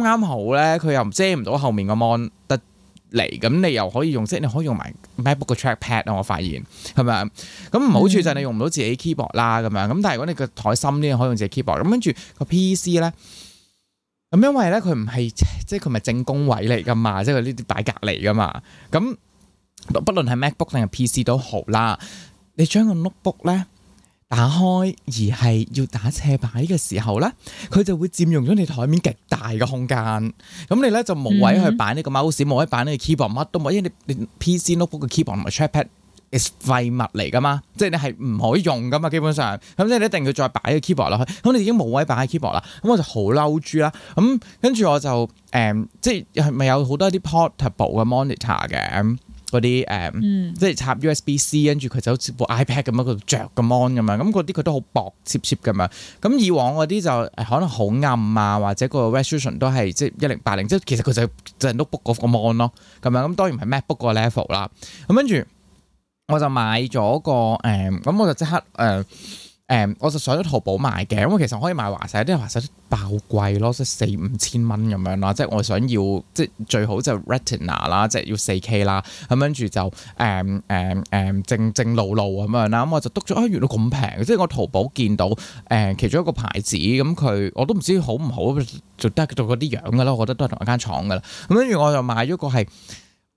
啱好咧，佢又唔遮唔到後面個 mon 得嚟，咁你又可以用即你可以用埋 macbook 嘅 trackpad，我發現係咪？咁唔好處就係你用唔到自己 keyboard 啦，咁樣，咁但係如果你個台深啲，你可以用自己 keyboard，咁跟住個 pc 咧。咁因為咧，佢唔係即係佢咪正宮位嚟噶嘛，即係呢啲擺隔籬噶嘛。咁不論係 MacBook 定係 PC 都好啦，你將個 notebook 咧打開而係要打斜擺嘅時候咧，佢就會佔用咗你台面極大嘅空間。咁你咧就冇位去擺呢個 mouse，冇位擺呢個 keyboard，乜都冇，因為你你 PC notebook 嘅 keyboard 同埋 trackpad 係廢物嚟㗎嘛，即係你係唔可以用㗎嘛，基本上。咁即係你一定要再擺個 keyboard 落去，咁你已經冇位擺 keyboard 啦。咁我就好嬲豬啦。咁跟住我就誒、呃，即係係咪有好多啲 portable 嘅 monitor 嘅嗰啲誒，嗯嗯、即係插 USB C，跟住佢就好似部 iPad 咁樣佢度著個 mon 咁樣。咁嗰啲佢都好薄，貼貼咁樣。咁以往嗰啲就可能好暗啊，或者個 resolution 都係即係一零八零，即係其實佢就就 notebook 個 mon 咯，咁樣咁當然係 MacBook 個 level 啦。咁跟住。我就買咗個誒，咁、嗯、我就即刻誒誒、嗯嗯，我就上咗淘寶買嘅，因為其實可以買華碩，有啲華碩都爆貴咯，即係四五千蚊咁樣啦。即係我想要，即係最好就 Retina 啦，即係要四 K 啦，咁跟住就誒誒誒，正正路路咁樣啦。咁、嗯、我就篤咗、啊，原來咁平，即係我淘寶見到誒、嗯、其中一個牌子，咁、嗯、佢我都唔知好唔好，就得到嗰啲樣噶啦，我覺得都係同一間廠噶啦。咁跟住我就買咗個係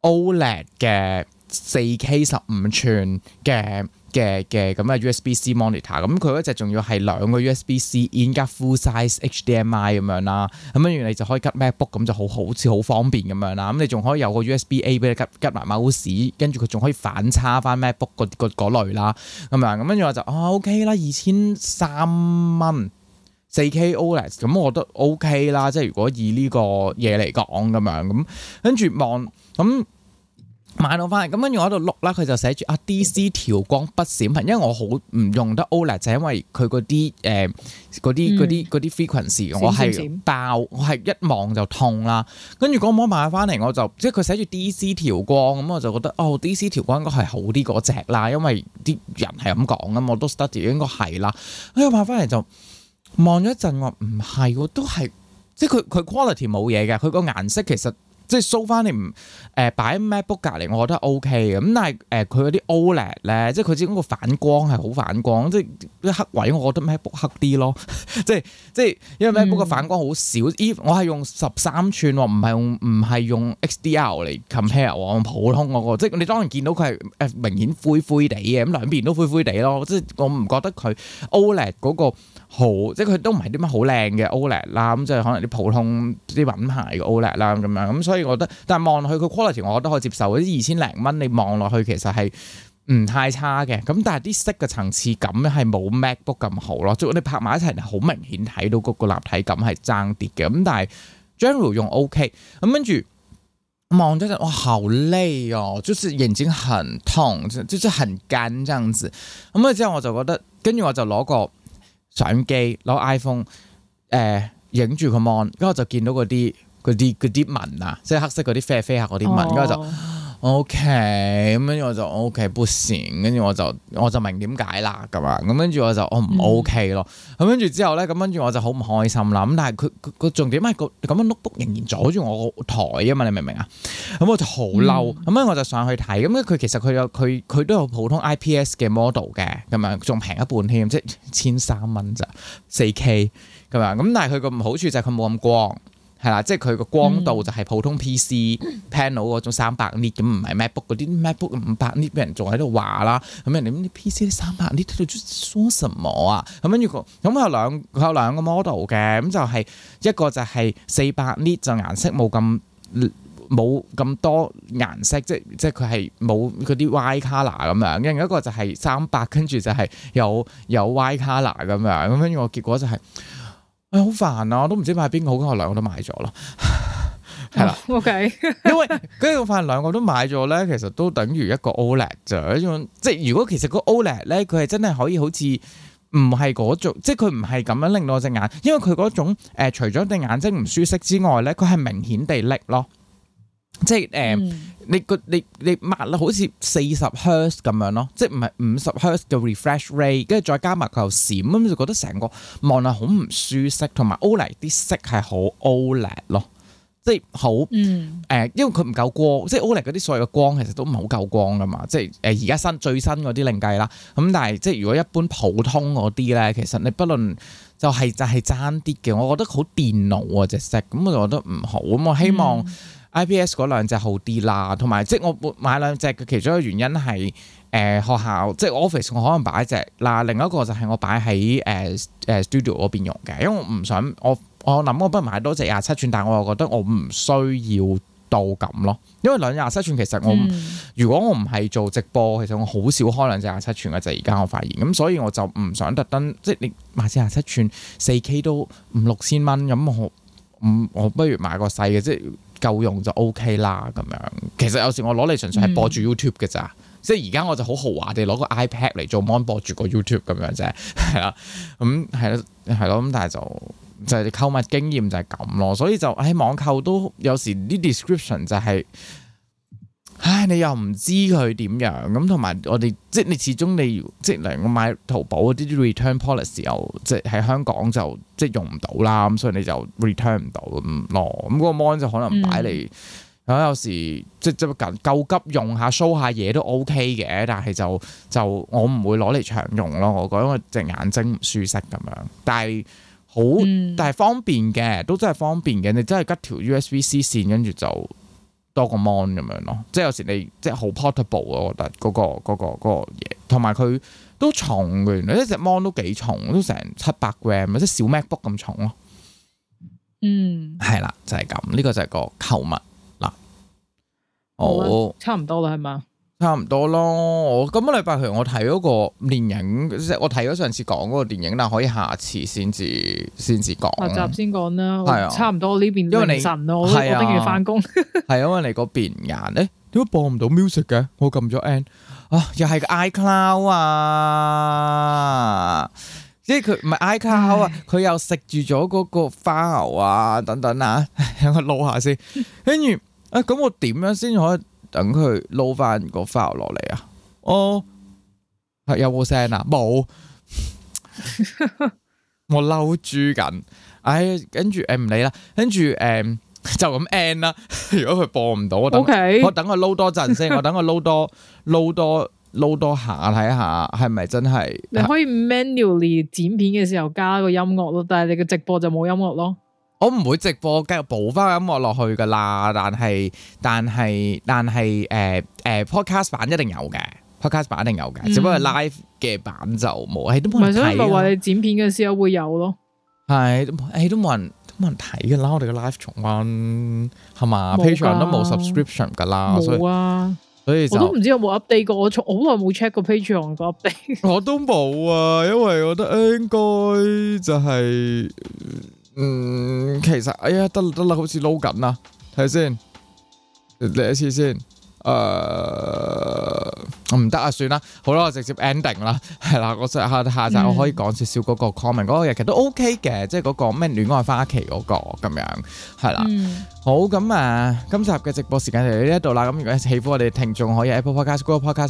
OLED 嘅。四 K 十五寸嘅嘅嘅咁嘅 USB C monitor，咁佢嗰隻仲要係兩個 USB C in 加 full size HDMI 咁樣啦，咁跟住你就可以吉 MacBook 咁就好好似好方便咁樣啦，咁你仲可以有個 USB A 俾你吉吉埋 mouse，跟住佢仲可以反插翻 MacBook 嗰類啦，咁啊咁跟住我就啊 OK 啦，二千三蚊四 K OLED，咁我覺得 OK 啦，即係如果以呢個嘢嚟講咁樣咁，跟住望咁。買到翻嚟，咁跟住我喺度碌啦，佢就寫住啊 DC 調光不閃屏，因為我好唔用得 OLED，就因為佢嗰啲誒嗰啲嗰啲嗰啲 frequency，我係爆，我係一望就痛啦。跟住我果我買翻嚟，我就即係佢寫住 DC 調光咁、嗯，我就覺得哦 DC 調光應該係好啲嗰隻啦，因為啲人係咁講咁，我都 study 應該係啦。跟住買翻嚟就望咗一陣，我唔係，嗰都係即係佢佢 quality 冇嘢嘅，佢個顏色其實。即係收翻你唔誒擺、呃、喺 MacBook 隔離，我覺得 O.K. 嘅咁，但係誒佢嗰啲 OLED 咧，OLED，即係佢只嗰個反光係好反光，即係啲黑位我覺得 MacBook 黑啲咯，即係即係因為 MacBook 個反光好少。依、嗯、我係用十三寸，唔係唔係用 XDR 嚟 compare 喎，compare，我普通嗰、那個，即係你當然見到佢係誒明顯灰灰地嘅，咁兩邊都灰灰地咯，即係我唔覺得佢 OLED 嗰、那個。好即係佢都唔係啲乜好靚嘅 OLED 啦，咁就係可能啲普通啲品牌嘅 OLED 啦、嗯、咁樣咁，所以我覺得但係望落去個 quality，我覺得可以接受啲二千零蚊。你望落去其實係唔太差嘅咁，但係啲色嘅層次感咧係冇 MacBook 咁好咯。即係你拍埋一齊，好明顯睇到嗰個立體感係爭啲嘅咁。但係 General 用 OK 咁跟住望咗陣，哇好累哦，即、就是眼睛很痛，即就是很乾，這樣子咁。之後我就覺得跟住我就攞個。相機攞 iPhone，誒、呃、影住個 mon，咁我就見到嗰啲嗰啲嗰啲紋啊，即係黑色嗰啲啡啡黑嗰啲紋，咁、哦、我就。O K，咁跟住我就 O、okay, K，不行，跟住我就我就明點解啦，咁啊，咁跟住我就我唔 O K 咯，咁跟住之後咧，咁跟住我就好唔開心啦。咁但係佢佢重點係、這個咁樣碌碌仍然阻住我個台啊嘛，你明唔明啊？咁我就好嬲，咁咧、嗯、我就上去睇，咁咧佢其實佢有佢佢都有普通 I P S 嘅 model 嘅，咁啊仲平一半添，即係千三蚊咋四 K，咁啊咁，但係佢個唔好處就係佢冇咁光。係啦，即係佢個光度就係普通 PC、嗯、panel 嗰種三百 nit 咁，唔係 MacBook 嗰啲 MacBook 五百 nit，畀人仲喺度話啦。咁人哋啲 PC 啲三百 nit 喺度做什麼啊？咁跟住佢咁有兩佢有兩個 model 嘅，咁就係、係、一個就係四百 nit，就顏色冇咁冇咁多顏色，就係、即係即係佢係冇嗰啲 wide colour 咁樣。跟住一個就係三百，跟住就係有有 wide colour 咁樣。咁跟住我結果就係、係。誒，好煩、哎、啊！我都唔知買邊個好，咁我兩個都買咗咯，係啦。O K，因為跟住我發現兩個都買咗咧，其實都等於一個 OLED 啫。即係如果其實個 OLED 咧,佢係真係可以好似唔係嗰種，即係佢唔係咁樣令到我隻眼，因為佢嗰種誒、呃，除咗對眼睛唔舒適之外咧，佢係明顯地亮咯。即係誒、uh，嗯，你個你你抹啦，好似四十赫茲咁樣咯，即係唔係五十赫茲嘅 refresh rate，跟住再加埋佢又閃，咁就覺得成個望落好唔舒適，同埋 OLED 啲色係好 OLED 咯，即係好誒，因為佢唔夠光，即係 OLED 嗰啲所有嘅光其實都唔係好夠光噶嘛，即係誒而家新最新嗰啲另計啦。咁但係即係如果一般普通嗰啲咧，其實你不論就係、是、就係爭啲嘅，我覺得好電腦啊隻色，咁我就覺得唔好，咁我希望、嗯。I.P.S. 嗰兩隻好啲啦，同埋即係我買兩隻嘅其中一個原因係誒、呃、學校即係 office，我可能擺一隻嗱，另一個就係我擺喺誒誒 studio 嗰邊用嘅，因為我唔想，想我我諗我不如買多隻廿七寸，但係我又覺得我唔需要到咁咯，因為兩廿七寸其實我、嗯、如果我唔係做直播，其實我好少開兩隻廿七寸嘅。就而家我發現咁，所以我就唔想特登即係你買隻廿七寸四 K 都五六千蚊咁，我唔我不如買個細嘅即係。夠用就 OK 啦，咁樣其實有時我攞嚟純粹係播住 YouTube 嘅咋，嗯、即係而家我就好豪華地攞個 iPad 嚟做 mon 播住個 YouTube 咁樣啫，係 啦，咁係咯，係咯，咁但係就就係購物經驗就係咁咯，所以就喺、哎、網購都有時啲 description 就係。唉，你又唔知佢點樣咁，同埋我哋即係你始終你即係例如我買淘寶嗰啲 return policy 又即係喺香港就即係用唔到啦，咁所以你就 return 唔到咁咯。咁、哦、嗰、嗰個 mon 就可能擺嚟，嗯、有時即係即係夠急用下，show 下嘢都 OK 嘅。但係就就我唔會攞嚟長用咯，我覺得因為隻眼睛唔舒適咁樣。但係好，嗯、但係方便嘅，都真係方便嘅。你真係吉條 USB C 線跟住就。多個 mon 咁樣咯，即係有時你即係好 portable 啊，我覺得嗰個嗰個嗰個嘢，同埋佢都重嘅，原來一隻 mon 都幾重，都成七百 gram，即係小 MacBook 咁重咯。嗯，係啦，就係咁，呢個就係個購物嗱。好，哦、差唔多啦，係嘛？差唔多咯，我今個禮拜其實我睇嗰個電影，即係我睇咗上次講嗰個電影，但係可以下次先至先至講，下集先講啦。係啊，差唔多呢邊凌晨咯，我都要返工。係因為你嗰邊人咧，點解播唔到 music 嘅？我撳咗 end 啊，又係個 i cloud 啊，即係佢唔係 i cloud 啊，佢又食住咗嗰個花牛啊等等啊，等我 load 下先。跟住啊，咁我點樣先可以？等佢撈翻個 file 落嚟啊！哦、oh,，係有冇聲啊？冇 我撈住緊。唉，跟住誒唔理啦，跟住誒、嗯、就咁 end 啦。如果佢播唔到，我等 Okay. 我等佢撈多陣先。 我等佢撈多撈多撈多下睇下係咪真係？你可以 manually 剪片嘅時候加個音樂咯，但係你嘅直播就冇音樂咯。我唔會直播，繼續補翻個音樂落去噶啦。但係，但係，但係，誒，誒，podcast 版一定有嘅，podcast 版一定有嘅，只不過 live 嘅版就冇，係都冇人睇咯。唔係，所以咪話你剪片嗰時會有咯。係，誒，都冇人，都冇人睇嘅啦。我哋嘅 live 重溫係嘛，Patreon 都冇 subscription 噶啦。冇啊，所以我都唔知有冇 update 過。我從好耐冇 check 過 Patreon 個 update。我都冇啊，因為我覺得應該就係。.嗯，其實哎呀，得得啦，好似撈緊啦，睇先嚟一次先，誒唔得啊，算啦，好啦，我直接 ending 啦，係啦，我下下集我可以講少少嗰個 comment，嗰、嗯、個嘢其實都 OK 嘅，即係嗰、嗰個咩戀愛花期嗰、嗰個咁樣，係啦。嗯嗯。好咁啊！今集嘅直播時間就嚟到呢一度啦。咁如果喜歡我哋聽眾，可以 Apple Podcast、Google Podcast、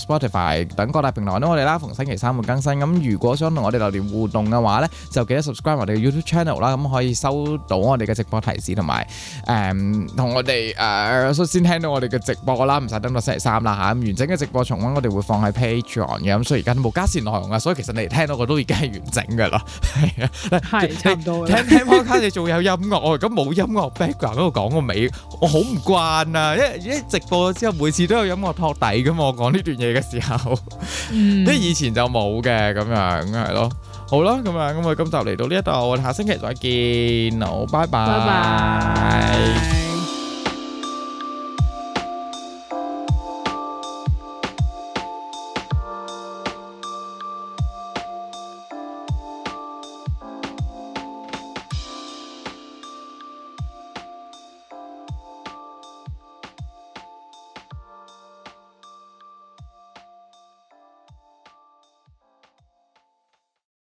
Spotify 等各大平台都我哋啦。逢星期三會更新。咁如果想同我哋留言互動嘅話咧，就記得 subscribe 我哋嘅 YouTube Channel 啦。咁可以收到我哋嘅直播提示同埋誒，同我哋誒先聽到我哋嘅直播啦。唔使等到星期三啦吓。咁完整嘅直播重温，我哋會放喺 Patreon 嘅。咁所以而家冇加線內容啊。所以其實你聽到嘅都已經係完整噶啦。係啊，係差唔多啦。聽聽 Podcast 仲有音樂，我而家冇音樂 background。喺度講個尾，我好唔慣啊！因為而家直播之後，每次都有音樂托底噶嘛。我講呢段嘢嘅時候，即、嗯、因為以前就冇嘅咁樣係咯。好啦，咁啊，咁啊，今集嚟到呢一度，下星期再見。好，拜拜拜拜。Bye bye bye bye